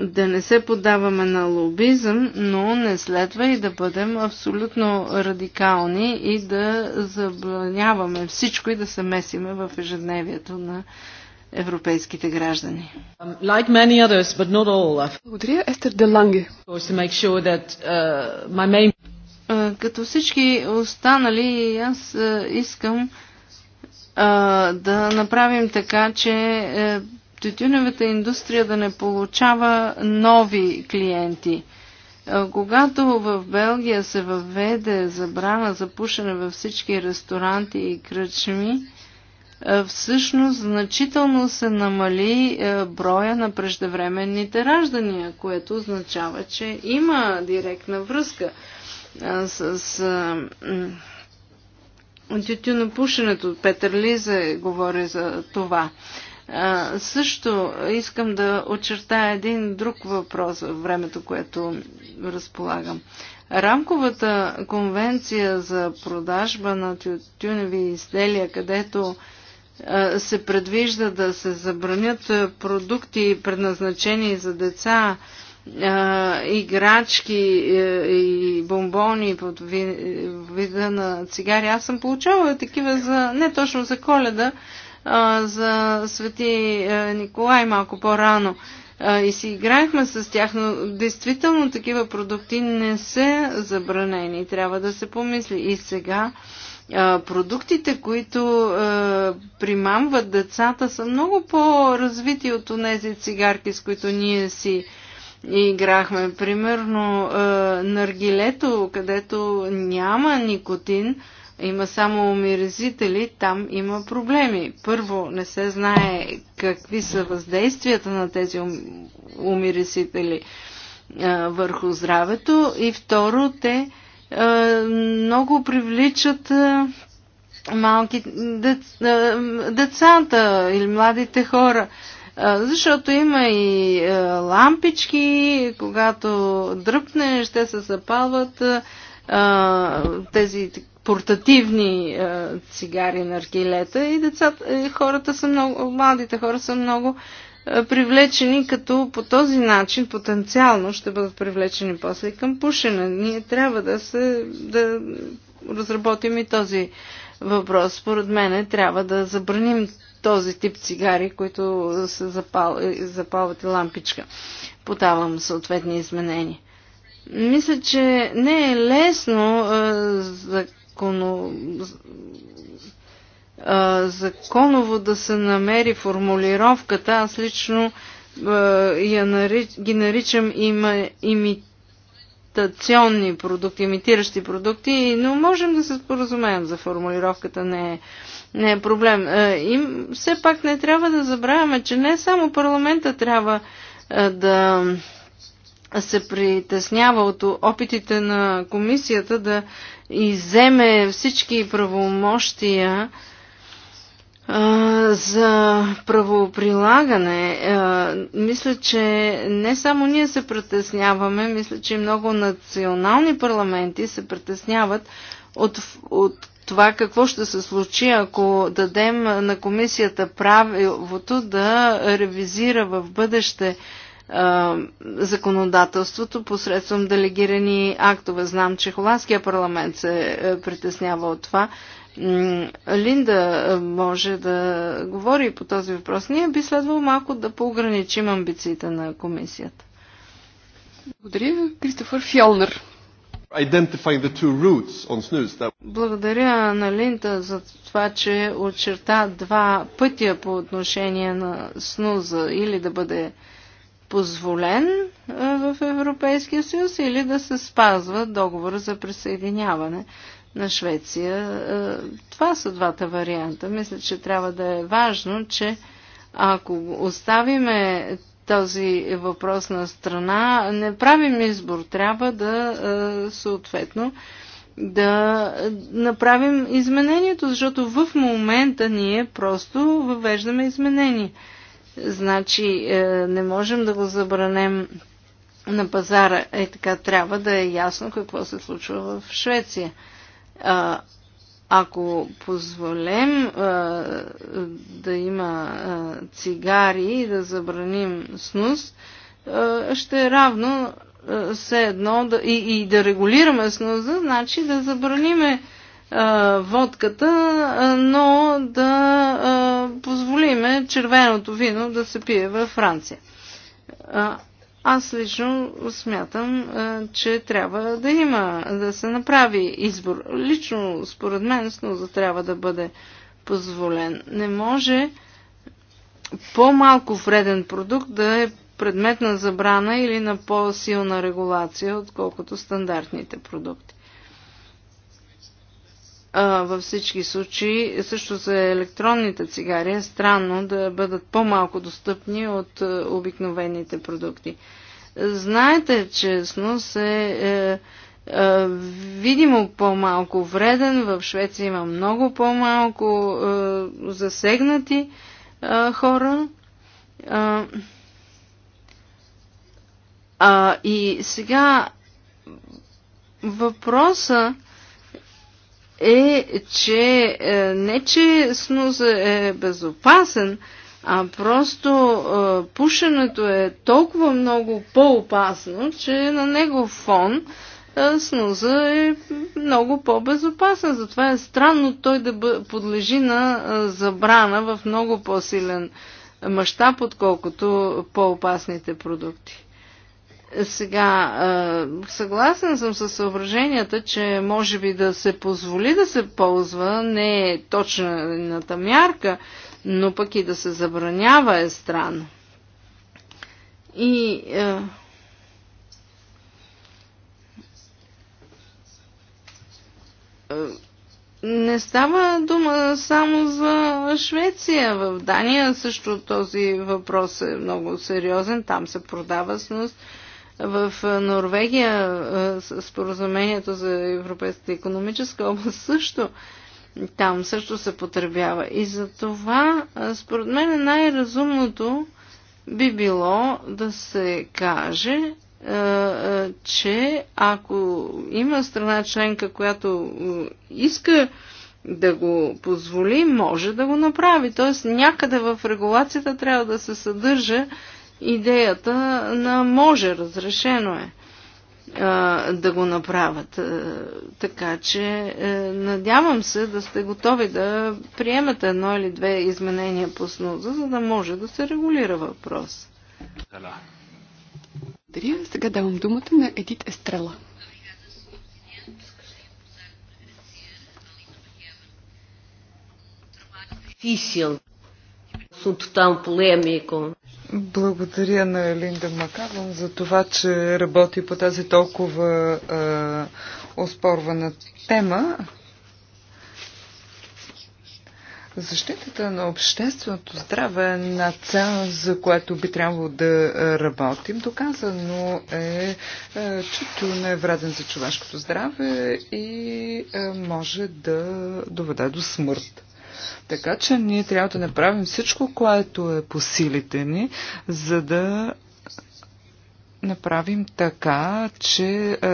да не се поддаваме на лобизъм, но не следва и да бъдем абсолютно радикални и да забраняваме всичко и да се месиме в ежедневието на европейските граждани. Um, like many others, but not all. Благодаря, Естер Деланге. Uh, като всички останали, аз искам да направим така, че е, тютюневата индустрия да не получава нови клиенти. Когато в Белгия се въведе забрана за пушене във всички ресторанти и кръчми, всъщност значително се намали броя на преждевременните раждания, което означава, че има директна връзка с, с тютюнопушенето. Петър Лизе говори за това също искам да очертая един друг въпрос в времето, което разполагам. Рамковата конвенция за продажба на тютюневи изделия, където се предвижда да се забранят продукти, предназначени за деца, играчки и бомбони под вида на цигари. Аз съм получавала такива за, не точно за коледа, а, за Свети е, Николай малко по-рано и си играехме с тях, но действително такива продукти не са забранени. Трябва да се помисли. И сега продуктите, които е, примамват децата, са много по-развити от тези цигарки, с които ние си играхме. Примерно е, наргилето, където няма никотин, има само умирезители, там има проблеми. Първо, не се знае какви са въздействията на тези умиризители върху здравето и второ, те много привличат малки децата или младите хора. Защото има и лампички, когато дръпнеш, те се запалват тези портативни е, цигари, аркилета и децата, е, хората са много, младите хора са много е, привлечени, като по този начин потенциално ще бъдат привлечени после и към пушене. Ние трябва да се, да разработим и този въпрос. Според мен трябва да забраним този тип цигари, които се запал, запалват и лампичка. Подавам съответни изменения. Мисля, че не е лесно е, за законо, законово да се намери формулировката. Аз лично я нарич, ги наричам има, имитационни продукти, имитиращи продукти, но можем да се споразумеем за формулировката. Не е, не е проблем. И все пак не трябва да забравяме, че не само парламента трябва да се притеснява от опитите на комисията да иземе всички правомощия за правоприлагане. Мисля, че не само ние се притесняваме, мисля, че много национални парламенти се притесняват от, от това какво ще се случи, ако дадем на комисията правилото да ревизира в бъдеще законодателството посредством делегирани актове. Знам, че Холандския парламент се е, притеснява от това. Линда е, може да говори по този въпрос. Ние би следвало малко да поограничим амбициите на комисията. Благодаря, Кристофър Фьолнер. Благодаря на Линта за това, че очерта два пътя по отношение на снуза или да бъде позволен е, в Европейския съюз или да се спазва договора за присъединяване на Швеция. Е, това са двата варианта. Мисля, че трябва да е важно, че ако оставиме този въпрос на страна, не правим избор. Трябва да е, съответно да направим изменението, защото в момента ние просто въвеждаме изменения. Значи е, не можем да го забранем на пазара. Е така, трябва да е ясно какво се случва в Швеция. А, ако позволем а, е, да има а, е, цигари и да забраним снус, а, ще е равно все едно да, и, и да регулираме снуза, значи да забраниме водката, но да позволиме червеното вино да се пие във Франция. Аз лично смятам, че трябва да има, да се направи избор. Лично, според мен, сноза трябва да бъде позволен. Не може по-малко вреден продукт да е предмет на забрана или на по-силна регулация, отколкото стандартните продукти във всички случаи. Също за електронните цигари е странно да бъдат по-малко достъпни от е, обикновените продукти. Знаете, честно, се е, е, видимо по-малко вреден. В Швеция има много по-малко е, засегнати е, хора. Е, е, и сега въпроса е, че е, не че снуза е безопасен, а просто е, пушенето е толкова много по-опасно, че на него фон е, снуза е много по-безопасен. Затова е странно той да подлежи на забрана в много по-силен мащаб, отколкото по-опасните продукти. Сега, съгласен съм с съображенията, че може би да се позволи да се ползва не е точната мярка, но пък и да се забранява е странно. И е, не става дума само за Швеция. В Дания също този въпрос е много сериозен. Там се продава сност. В Норвегия споразумението за Европейската економическа област също там също се потребява. И за това, според мен, най-разумното би било да се каже, че ако има страна членка, която иска да го позволи, може да го направи. Тоест някъде в регулацията трябва да се съдържа идеята на може, разрешено е да го направят. Така че е, надявам се да сте готови да приемете едно или две изменения по снуза, за да може да се регулира въпрос. Благодаря. Сега давам думата на Едит Естрела. Difícil, assunto tão polêmico. Благодаря на Линда Макаван за това, че работи по тази толкова е, оспорвана тема. Защитата на общественото здраве е на цел, за което би трябвало да работим. Доказано е, че не е вреден за човешкото здраве и може да доведе до смърт. Така че ние трябва да направим всичко, което е по силите ни, за да направим така, че е,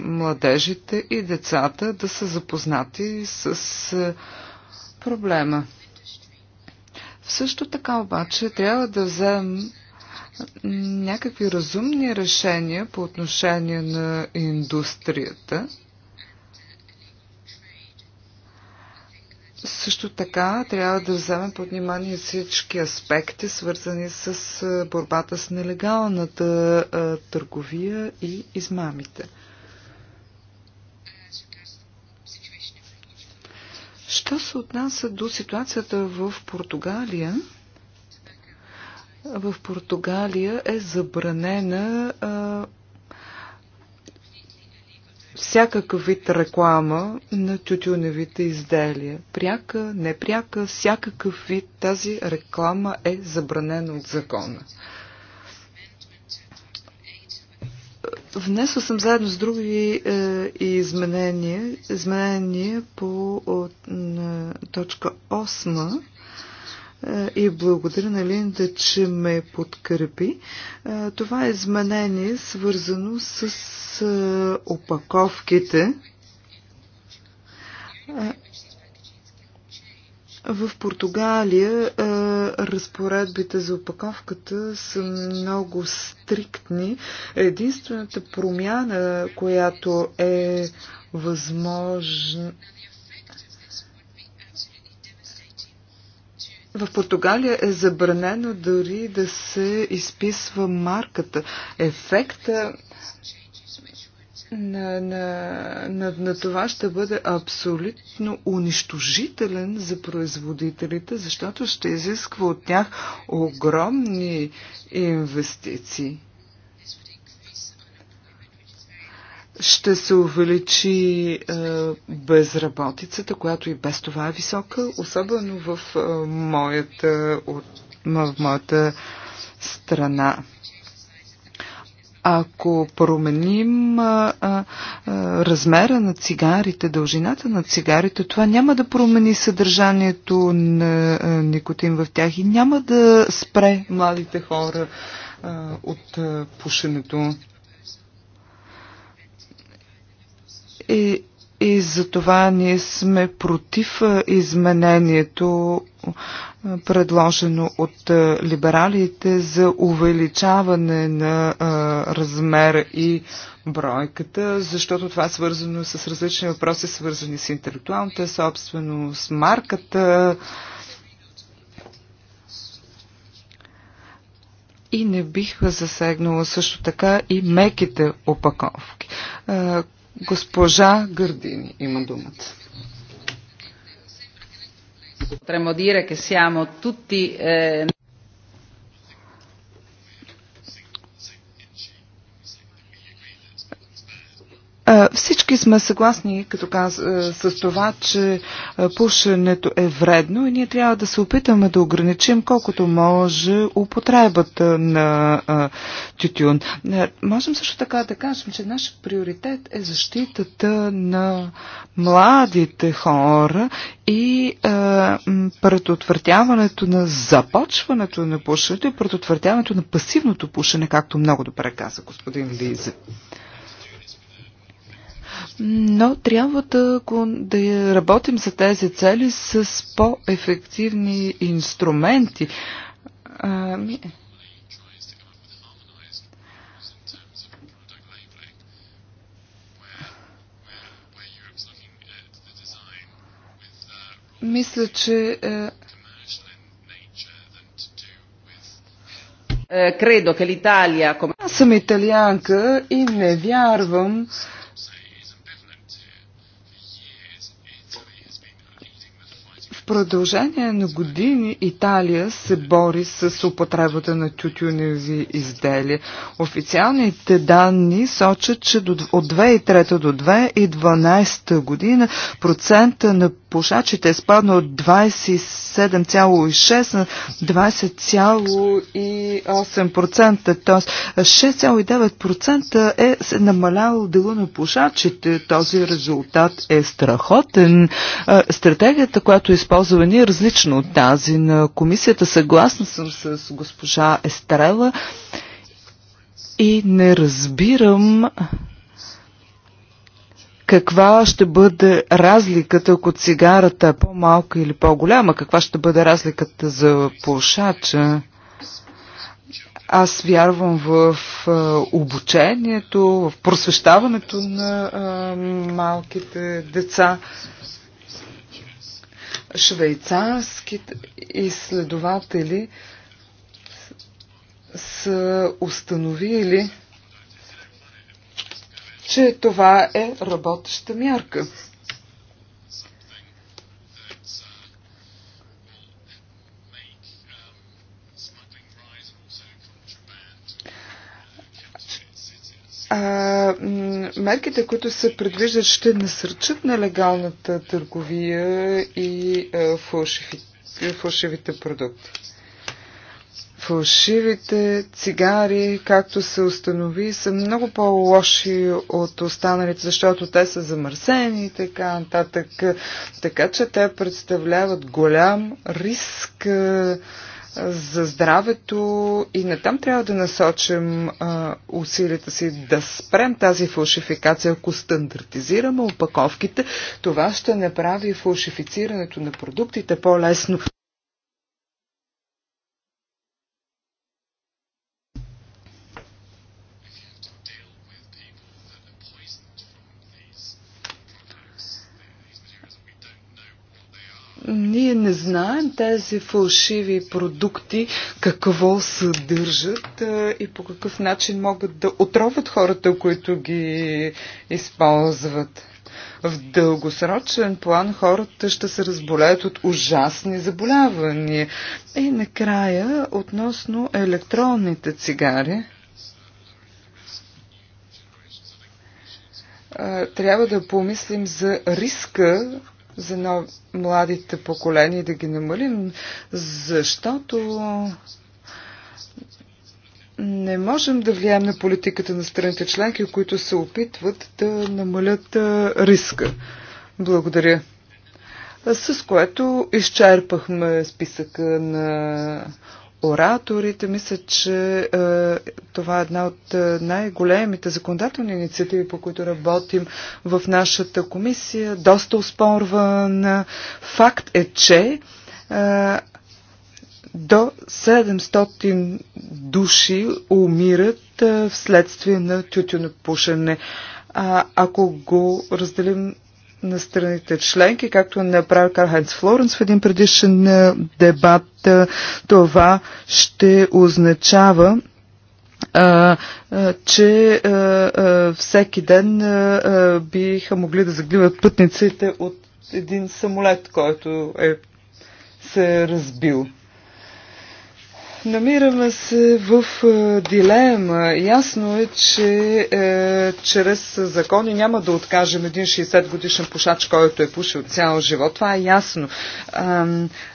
младежите и децата да са запознати с е, проблема. Също така обаче трябва да вземем някакви разумни решения по отношение на индустрията. Също така трябва да вземем под внимание всички аспекти, свързани с борбата с нелегалната търговия и измамите. Що се отнася до ситуацията в Португалия? В Португалия е забранена а, всякакъв вид реклама на тютюневите изделия. Пряка, непряка, всякакъв вид тази реклама е забранена от закона. Внесла съм заедно с други е, изменения, изменения по от, на, точка е, и благодаря на Линда, че ме подкрепи. Е, това е изменение свързано с е, опаковките. В Португалия разпоредбите за опаковката са много стриктни. Единствената промяна, която е възможна, В Португалия е забранено дори да се изписва марката. Ефекта на, на, на, на това ще бъде абсолютно унищожителен за производителите, защото ще изисква от тях огромни инвестиции. ще се увеличи е, безработицата, която и без това е висока, особено в е, моята, от, в моята страна. Ако променим а, е, а, е, е, размера на цигарите, дължината на цигарите, това няма да промени съдържанието на а, никотин в тях и няма да спре младите хора а, от а, пушенето. И, и за това ние сме против изменението, предложено от либералите за увеличаване на размер и бройката, защото това е свързано с различни въпроси, свързани с интелектуалната собственост, марката. И не бих засегнала също така и меките опаковки. Госпожа Гърдини има думата. Potremmo dire che siamo tutti eh... Всички сме съгласни като каз, с това, че пушенето е вредно и ние трябва да се опитаме да ограничим колкото може употребата на тютюн. Можем също така да кажем, че наш приоритет е защитата на младите хора и предотвратяването на започването на пушенето и предотвратяването на пасивното пушене, както много добре каза господин Лизе. Но трябва да, да работим за тези цели с по-ефективни инструменти. ми... Мисля, че е, е, Аз съм италианка и не вярвам, продължение на години Италия се бори с употребата на тютюневи изделия. Официалните данни сочат, че от 2003 до 2012 година процента на пушачите спадна от 27,6 на 20,8%, т.е. 6,9% е се намалял дело на пушачите. Този резултат е страхотен. Стратегията, която е ни е различна от тази на комисията. Съгласна съм с госпожа Естрела и не разбирам каква ще бъде разликата, ако цигарата е по-малка или по-голяма, каква ще бъде разликата за пушача. Аз вярвам в обучението, в просвещаването на малките деца швейцарските изследователи са установили, че това е работеща мярка. А, мерките, които се предвиждат, ще насърчат нелегалната търговия и а, фалшиви, фалшивите продукти фалшивите цигари, както се установи, са много по-лоши от останалите, защото те са замърсени и така нататък. Така че те представляват голям риск за здравето и не там трябва да насочим а, усилията си да спрем тази фалшификация. Ако стандартизираме опаковките, това ще направи фалшифицирането на продуктите по-лесно. Ние не знаем тези фалшиви продукти какво съдържат и по какъв начин могат да отровят хората, които ги използват. В дългосрочен план хората ще се разболеят от ужасни заболявания. И накрая, относно електронните цигари, трябва да помислим за риска за нов... младите поколения да ги намалим, защото не можем да влияем на политиката на страните членки, които се опитват да намалят риска. Благодаря. С което изчерпахме списъка на ораторите. Мисля, че е, това е една от е, най-големите законодателни инициативи, по които работим в нашата комисия. Доста успорван е, Факт е, че е, до 700 души умират е, вследствие на тютюнопушене. А, ако го разделим на страните членки, както направи Кархайнц Флоренс в един предишен е, дебат. Е, това ще означава, а, е, а, че а, а, всеки ден а, а, биха могли да загливат пътниците от един самолет, който е се разбил. Намираме се в е, дилема. Ясно е, че е, чрез закони няма да откажем един 60 годишен пушач, който е пушил цял живот. Това е ясно. А,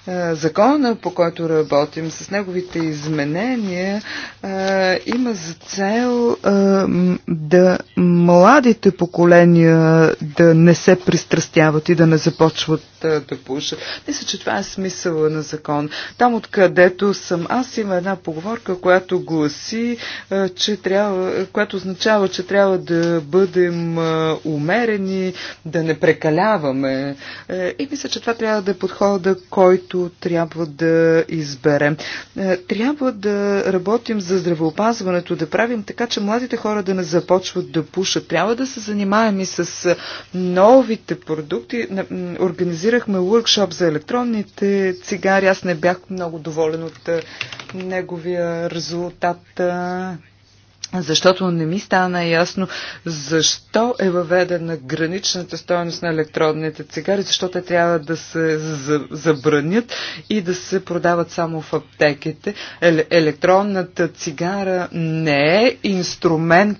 е, закона, по който работим, с неговите изменения, а, е, има за цел а, да младите поколения да не се пристрастяват и да не започват а, да пушат. Мисля, че това е смисъла на закон. Там, откъдето съм аз, си има една поговорка, която гласи, че трябва, която означава, че трябва да бъдем умерени, да не прекаляваме. Е, и мисля, че това трябва да е подхода, който трябва да изберем. Е, трябва да работим за здравеопазването, да правим така, че младите хора да не започват да пушат. Трябва да се занимаем и с новите продукти. Организирахме workshop за електронните цигари. Аз не бях много доволен от неговия резултат защото не ми стана ясно защо е въведена граничната стоеност на електродните цигари, защо те трябва да се забранят и да се продават само в аптеките. Електронната цигара не е инструмент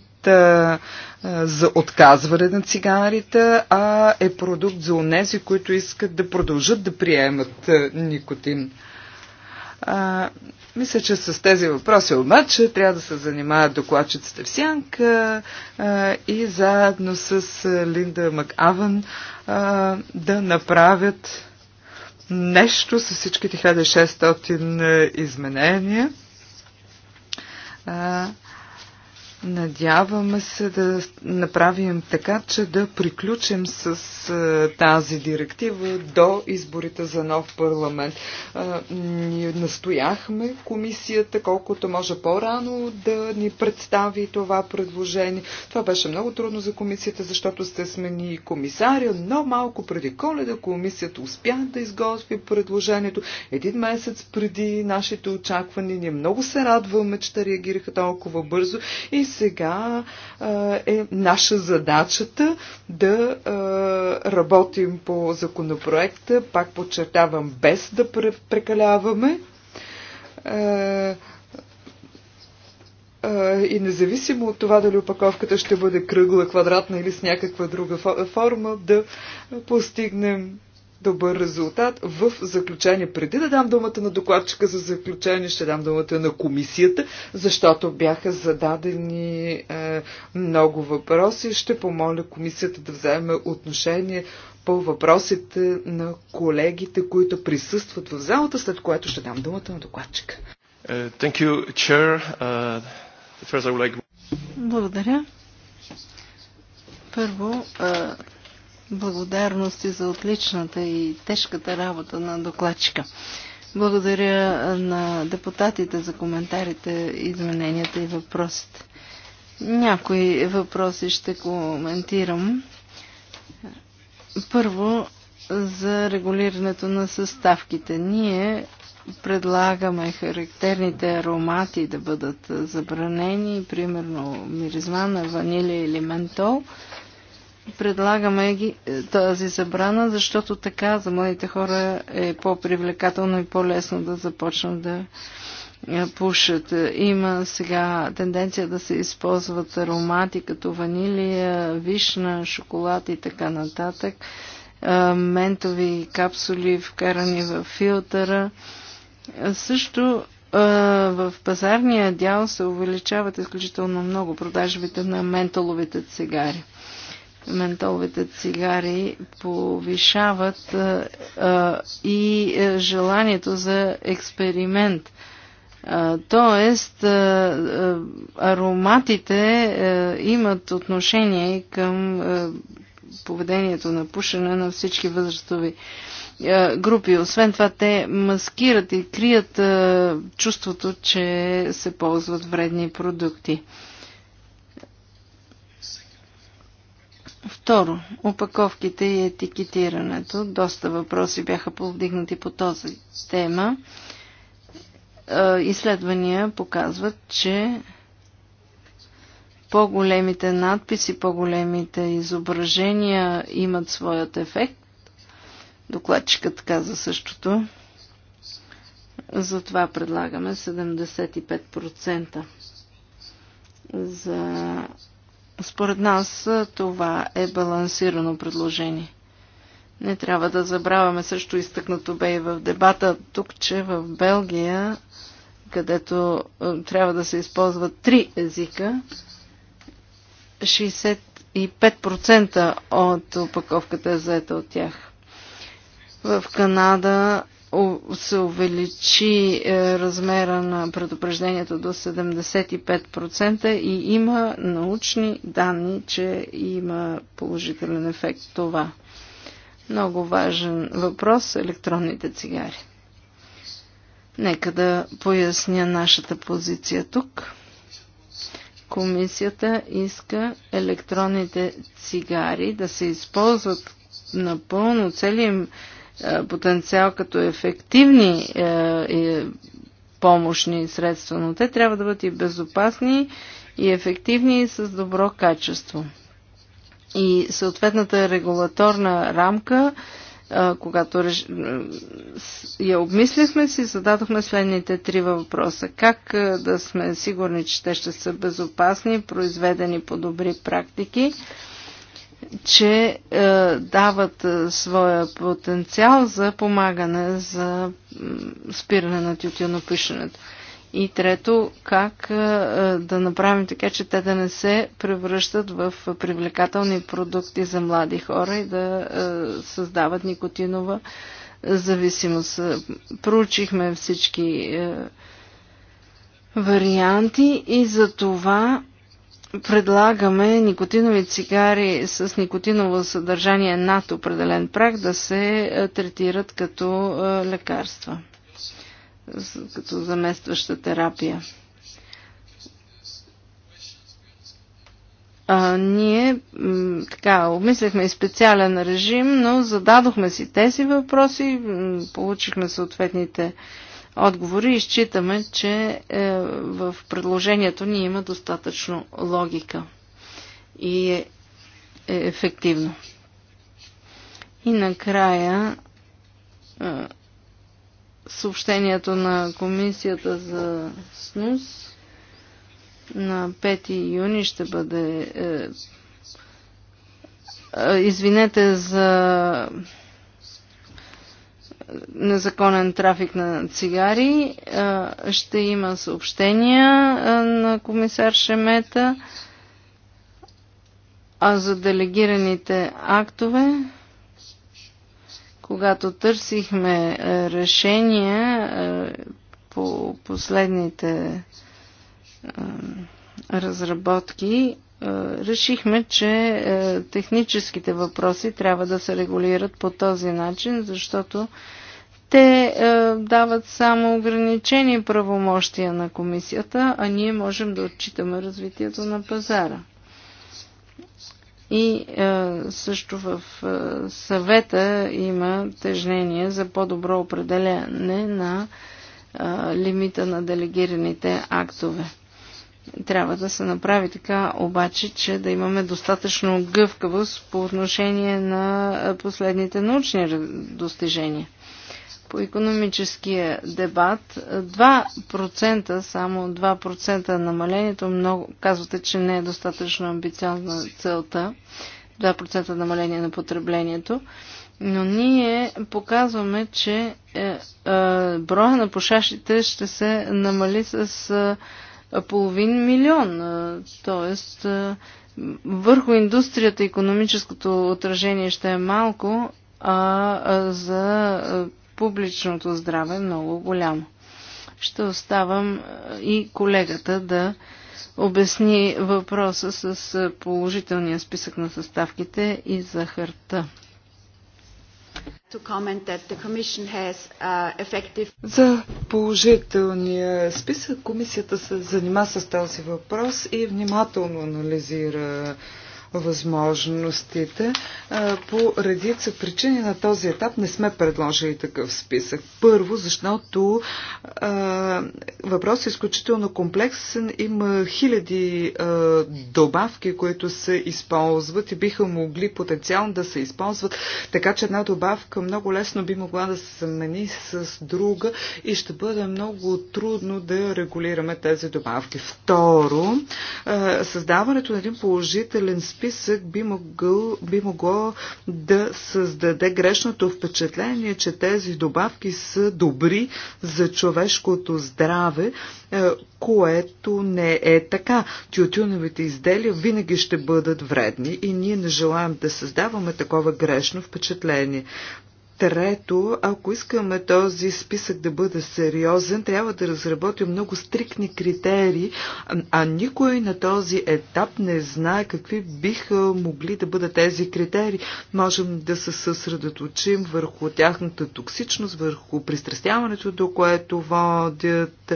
за отказване на цигарите, а е продукт за онези, които искат да продължат да приемат никотин. Мисля, че с тези въпроси обаче трябва да се занимават докладчиците в Сянка а, и заедно с Линда Макавън а, да направят нещо с всичките 1600 изменения. А, Надяваме се да направим така, че да приключим с е, тази директива до изборите за нов парламент. Е, ние настояхме комисията колкото може по-рано да ни представи това предложение. Това беше много трудно за комисията, защото сте смени комисаря, но малко преди коледа комисията успя да изготви предложението. Един месец преди нашите очаквания ние много се радваме, че те реагираха толкова бързо и сега е наша задачата да работим по законопроекта, пак подчертавам, без да прекаляваме и независимо от това дали опаковката ще бъде кръгла, квадратна или с някаква друга форма, да постигнем добър резултат. В заключение, преди да дам думата на докладчика за заключение, ще дам думата на комисията, защото бяха зададени е, много въпроси. Ще помоля комисията да вземе отношение по въпросите на колегите, които присъстват в залата, след което ще дам думата на докладчика. Е, е, Благодаря. Първо, е, благодарности за отличната и тежката работа на докладчика. Благодаря на депутатите за коментарите, измененията и въпросите. Някои въпроси ще коментирам. Първо, за регулирането на съставките. Ние предлагаме характерните аромати да бъдат забранени, примерно миризма на ванилия или ментол – Предлагаме ги, е, тази забрана, защото така за младите хора е по-привлекателно и по-лесно да започнат да е, пушат. Има сега тенденция да се използват аромати като ванилия, вишна, шоколад и така нататък. Е, ментови капсули, вкарани в филтъра. Също в пазарния дял се увеличават изключително много продажбите на ментоловите цигари ментоловите цигари повишават а, а, и е, желанието за експеримент. А, тоест, а, а, ароматите а, е, имат отношение към а, е, поведението на пушене на всички възрастови а, групи. Освен това, те маскират и крият а, чувството, че се ползват вредни продукти. А, Второ, опаковките и етикетирането. Доста въпроси бяха повдигнати по този тема. Е, изследвания показват, че по-големите надписи, по-големите изображения имат своят ефект. Докладчикът каза същото. Затова предлагаме 75% за според нас това е балансирано предложение. Не трябва да забравяме също изтъкнато бе и в дебата тук, че в Белгия, където трябва да се използват три езика, 65% от опаковката е заета от тях. В Канада се увеличи е, размера на предупреждението до 75% и има научни данни, че има положителен ефект това. Много важен въпрос – електронните цигари. Нека да поясня нашата позиция тук. Комисията иска електронните цигари да се използват напълно целият е, потенциал като ефективни е, помощни средства, но те трябва да бъдат и безопасни, и ефективни, и с добро качество. И съответната регулаторна рамка, е, когато я обмислихме си, зададохме следните три въпроса. Как да сме сигурни, че те ще са безопасни, произведени по добри практики? че е, дават е, своя потенциал за помагане за спиране на тютюнопишенето. И трето, как е, е, да направим така, че те да не се превръщат в привлекателни продукти за млади хора и да е, създават никотинова зависимост. Проучихме всички е, варианти и за това предлагаме никотинови цигари с никотиново съдържание над определен прак да се е, третират като е, лекарства, като заместваща терапия. А, ние така, обмисляхме и специален режим, но зададохме си тези въпроси, получихме съответните а, отговори и считаме, че е, в предложението ни има достатъчно логика и е, е ефективно. И накрая е, съобщението на комисията за СНУС на 5 юни ще бъде. извинете за незаконен трафик на цигари. Ще има съобщения на комисар Шемета. А за делегираните актове, когато търсихме решения по последните разработки, е, решихме, че е, техническите въпроси трябва да се регулират по този начин, защото те е, дават само ограничени правомощия на комисията, а ние можем да отчитаме развитието на пазара. И е, също в е, съвета има тежнение за по-добро определяне на е, лимита на делегираните актове. Трябва да се направи така, обаче, че да имаме достатъчно гъвкавост по отношение на последните научни достижения. По економическия дебат 2%, само 2% намалението, много, казвате, че не е достатъчно амбициозна целта, 2% намаление на потреблението но ние показваме, че е, е, броя на пушащите ще се намали с е, половин милион. Тоест, върху индустрията економическото отражение ще е малко, а за публичното здраве много голямо. Ще оставам и колегата да обясни въпроса с положителния списък на съставките и за харта. Uh, За положителния списък комисията се занима с този въпрос и внимателно анализира възможностите. По редица причини на този етап не сме предложили такъв списък. Първо, защото въпросът е изключително комплексен. Има хиляди добавки, които се използват и биха могли потенциално да се използват, така че една добавка много лесно би могла да се замени с друга и ще бъде много трудно да регулираме тези добавки. Второ, създаването на един положителен списък списък би, могъл, би могло да създаде грешното впечатление, че тези добавки са добри за човешкото здраве, е, което не е така. Тютюневите изделия винаги ще бъдат вредни и ние не желаем да създаваме такова грешно впечатление. Трето, ако искаме този списък да бъде сериозен, трябва да разработим много стрикни критерии, а никой на този етап не знае какви биха могли да бъдат тези критерии. Можем да се съсредоточим върху тяхната токсичност, върху пристрастяването, до което водят,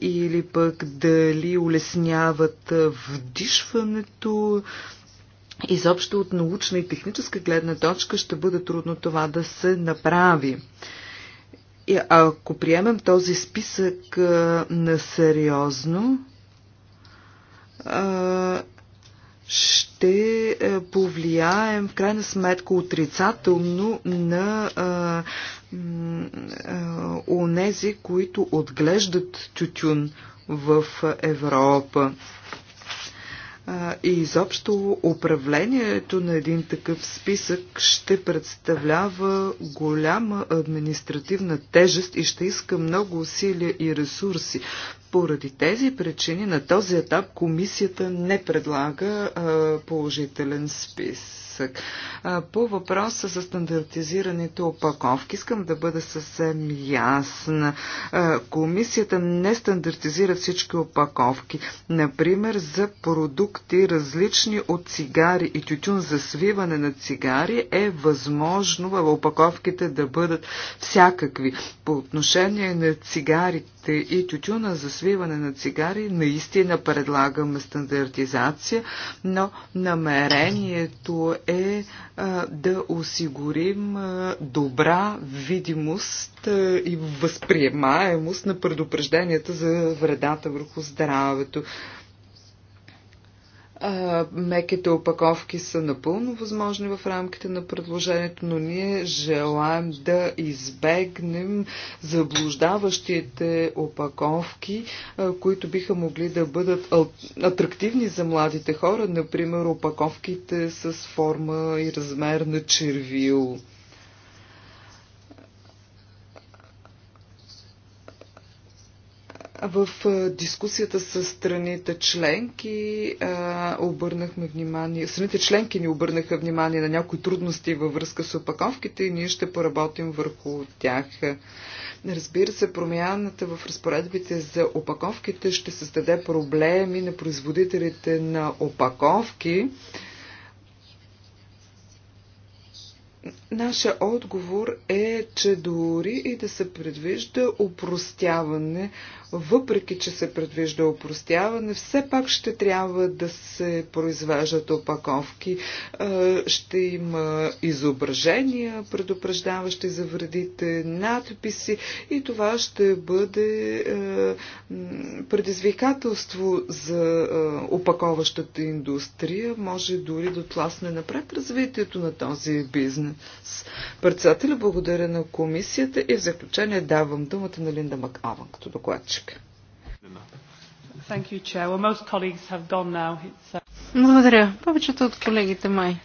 или пък дали улесняват вдишването, изобщо от научна и техническа гледна точка ще бъде трудно това да се направи. И ако приемем този списък на сериозно, ще повлияем в крайна сметка отрицателно на онези, които отглеждат тютюн в Европа и изобщо управлението на един такъв списък ще представлява голяма административна тежест и ще иска много усилия и ресурси. Поради тези причини на този етап комисията не предлага положителен списък списък. По въпроса за стандартизираните опаковки искам да бъда съвсем ясна. Комисията не стандартизира всички опаковки. Например, за продукти различни от цигари и тютюн за свиване на цигари е възможно в опаковките да бъдат всякакви. По отношение на цигарите, те и тютюна за свиване на цигари наистина предлагаме стандартизация, но намерението е а, да осигурим а, добра видимост а, и възприемаемост на предупрежденията за вредата върху здравето. Меките опаковки са напълно възможни в рамките на предложението, но ние желаем да избегнем заблуждаващите опаковки, които биха могли да бъдат атрактивни за младите хора, например опаковките с форма и размер на червил. В дискусията с страните членки обърнахме внимание, страните членки ни обърнаха внимание на някои трудности във връзка с опаковките и ние ще поработим върху тях. Разбира се, промяната в разпоредбите за опаковките ще създаде проблеми на производителите на опаковки Нашия отговор е, че дори и да се предвижда опростяване, въпреки че се предвижда опростяване, все пак ще трябва да се произвеждат опаковки. Е, ще има изображения, предупреждаващи за вредите, надписи и това ще бъде е, предизвикателство за е, опаковащата индустрия, може дори да тласне напред развитието на този бизнес председателя, благодаря на комисията и в заключение давам думата на Линда Макаван като докладчик. Uh, благодаря. Повечето от колегите май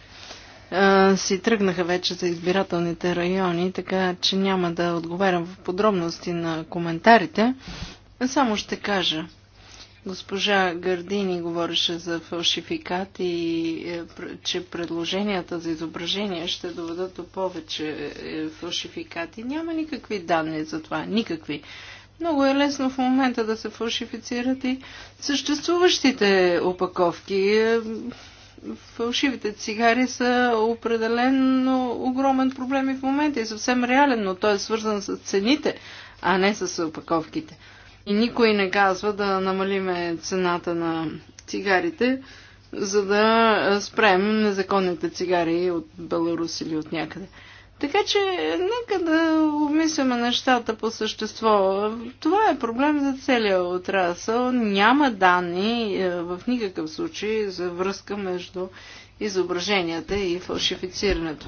си тръгнаха вече за избирателните райони, така че няма да отговарям в подробности на коментарите. Само ще кажа. Госпожа Гърдини говореше за фалшификати и е, че предложенията за изображения ще доведат до повече е, фалшификати. Няма никакви данни за това. Никакви. Много е лесно в момента да се фалшифицират и съществуващите опаковки. Е, фалшивите цигари са определено огромен проблем и в момента и съвсем реален, но той е свързан с цените, а не с опаковките. И никой не казва да намалиме цената на цигарите, за да спрем незаконните цигари от Беларус или от някъде. Така че, нека да обмисляме нещата по същество. Това е проблем за целия отрасъл. Няма данни в никакъв случай за връзка между изображенията и фалшифицирането.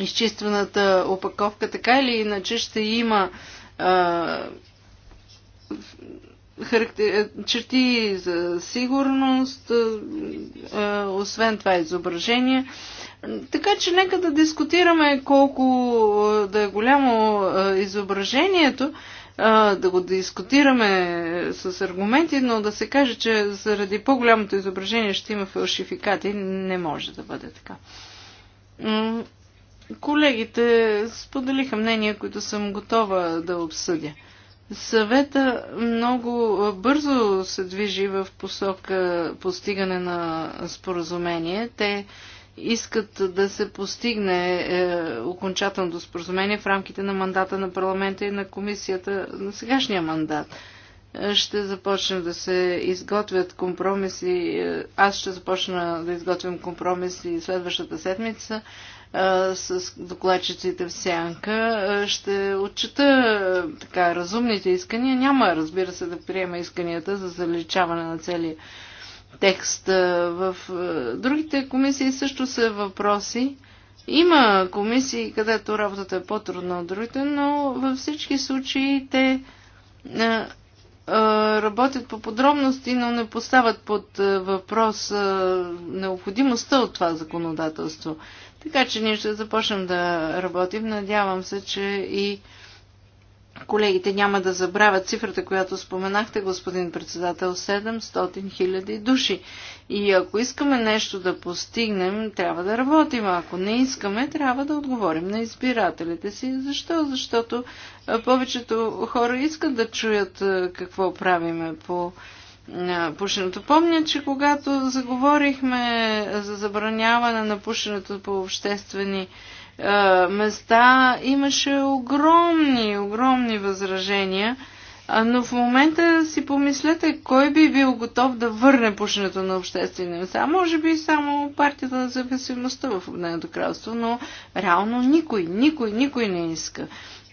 Изчиствената опаковка така или иначе ще има характер... черти за сигурност, е, е, освен това изображение. Така че нека да дискутираме колко е, да е голямо изображението, да го дискутираме с аргументи, но да се каже, че заради по-голямото изображение ще има фалшификати, не може да бъде така. Колегите споделиха мнения, които съм готова да обсъдя. Съвета много бързо се движи в посока постигане на споразумение. Те искат да се постигне е, окончателното споразумение в рамките на мандата на парламента и на комисията на сегашния мандат. Е, ще започна да се изготвят компромиси. Е, аз ще започна да изготвям компромиси следващата седмица с докладчиците в сянка. Ще отчита така разумните искания. Няма, разбира се, да приема исканията за заличаване на целия текст. В другите комисии също са въпроси. Има комисии, където работата е по-трудна от другите, но във всички случаи те работят по подробности, но не поставят под въпрос необходимостта от това законодателство. Така че ние ще започнем да работим. Надявам се, че и колегите няма да забравят цифрата, която споменахте, господин председател, 700 000 души. И ако искаме нещо да постигнем, трябва да работим. А ако не искаме, трябва да отговорим на избирателите си. Защо? Защото повечето хора искат да чуят какво правиме по пушенето. Помня, че когато заговорихме за забраняване на пушенето по обществени места, имаше огромни, огромни възражения. Но в момента си помислете, кой би бил готов да върне пушенето на обществени места. Може би само партията на зависимостта в Обнението кралство, но реално никой, никой, никой не иска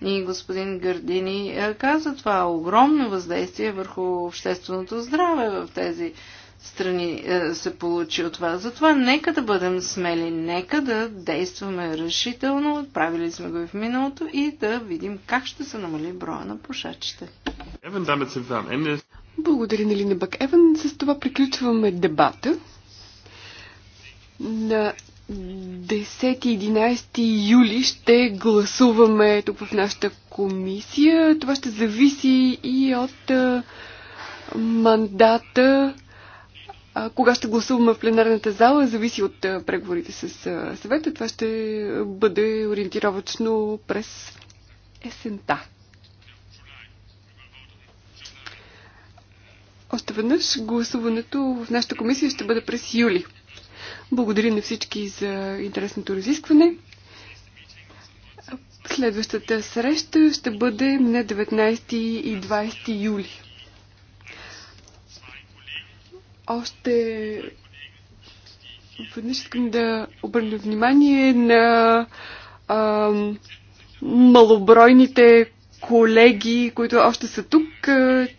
и господин Гърдини е, каза това е огромно въздействие върху общественото здраве в тези страни е, се получи от това. Затова нека да бъдем смели, нека да действаме решително, отправили сме го и в миналото и да видим как ще се намали броя на пушачите. Благодаря на Лина Бак Еван. С това приключваме дебата. На 10-11 юли ще гласуваме тук в нашата комисия. Това ще зависи и от мандата, кога ще гласуваме в пленарната зала, зависи от преговорите с съвета. Това ще бъде ориентировачно през есента. Още веднъж гласуването в нашата комисия ще бъде през юли. Благодаря на всички за интересното разискване. Следващата среща ще бъде на 19 и 20 юли. Още веднъж искам да обърна внимание на а, малобройните колеги, които още са тук,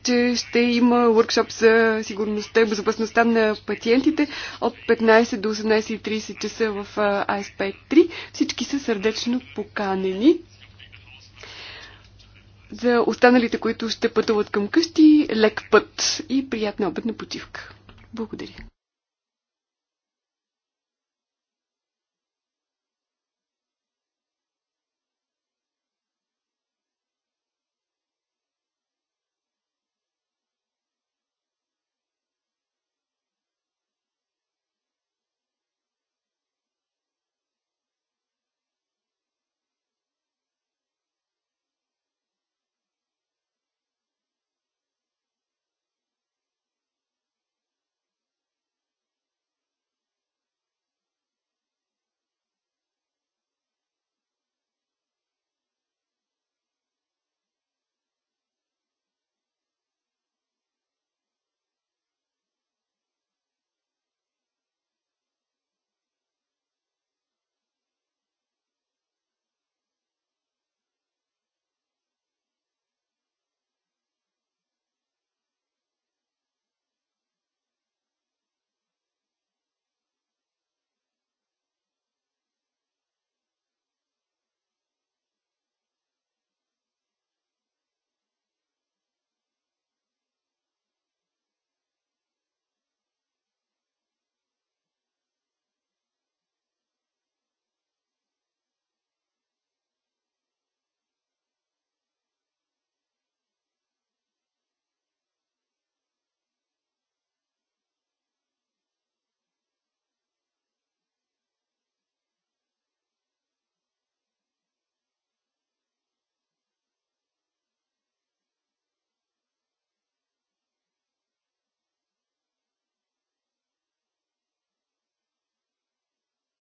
че ще има уркшоп за сигурността и безопасността на пациентите от 15 до 18.30 часа в АСП-3. Всички са сърдечно поканени. За останалите, които ще пътуват към къщи, лек път и приятна обедна почивка. Благодаря.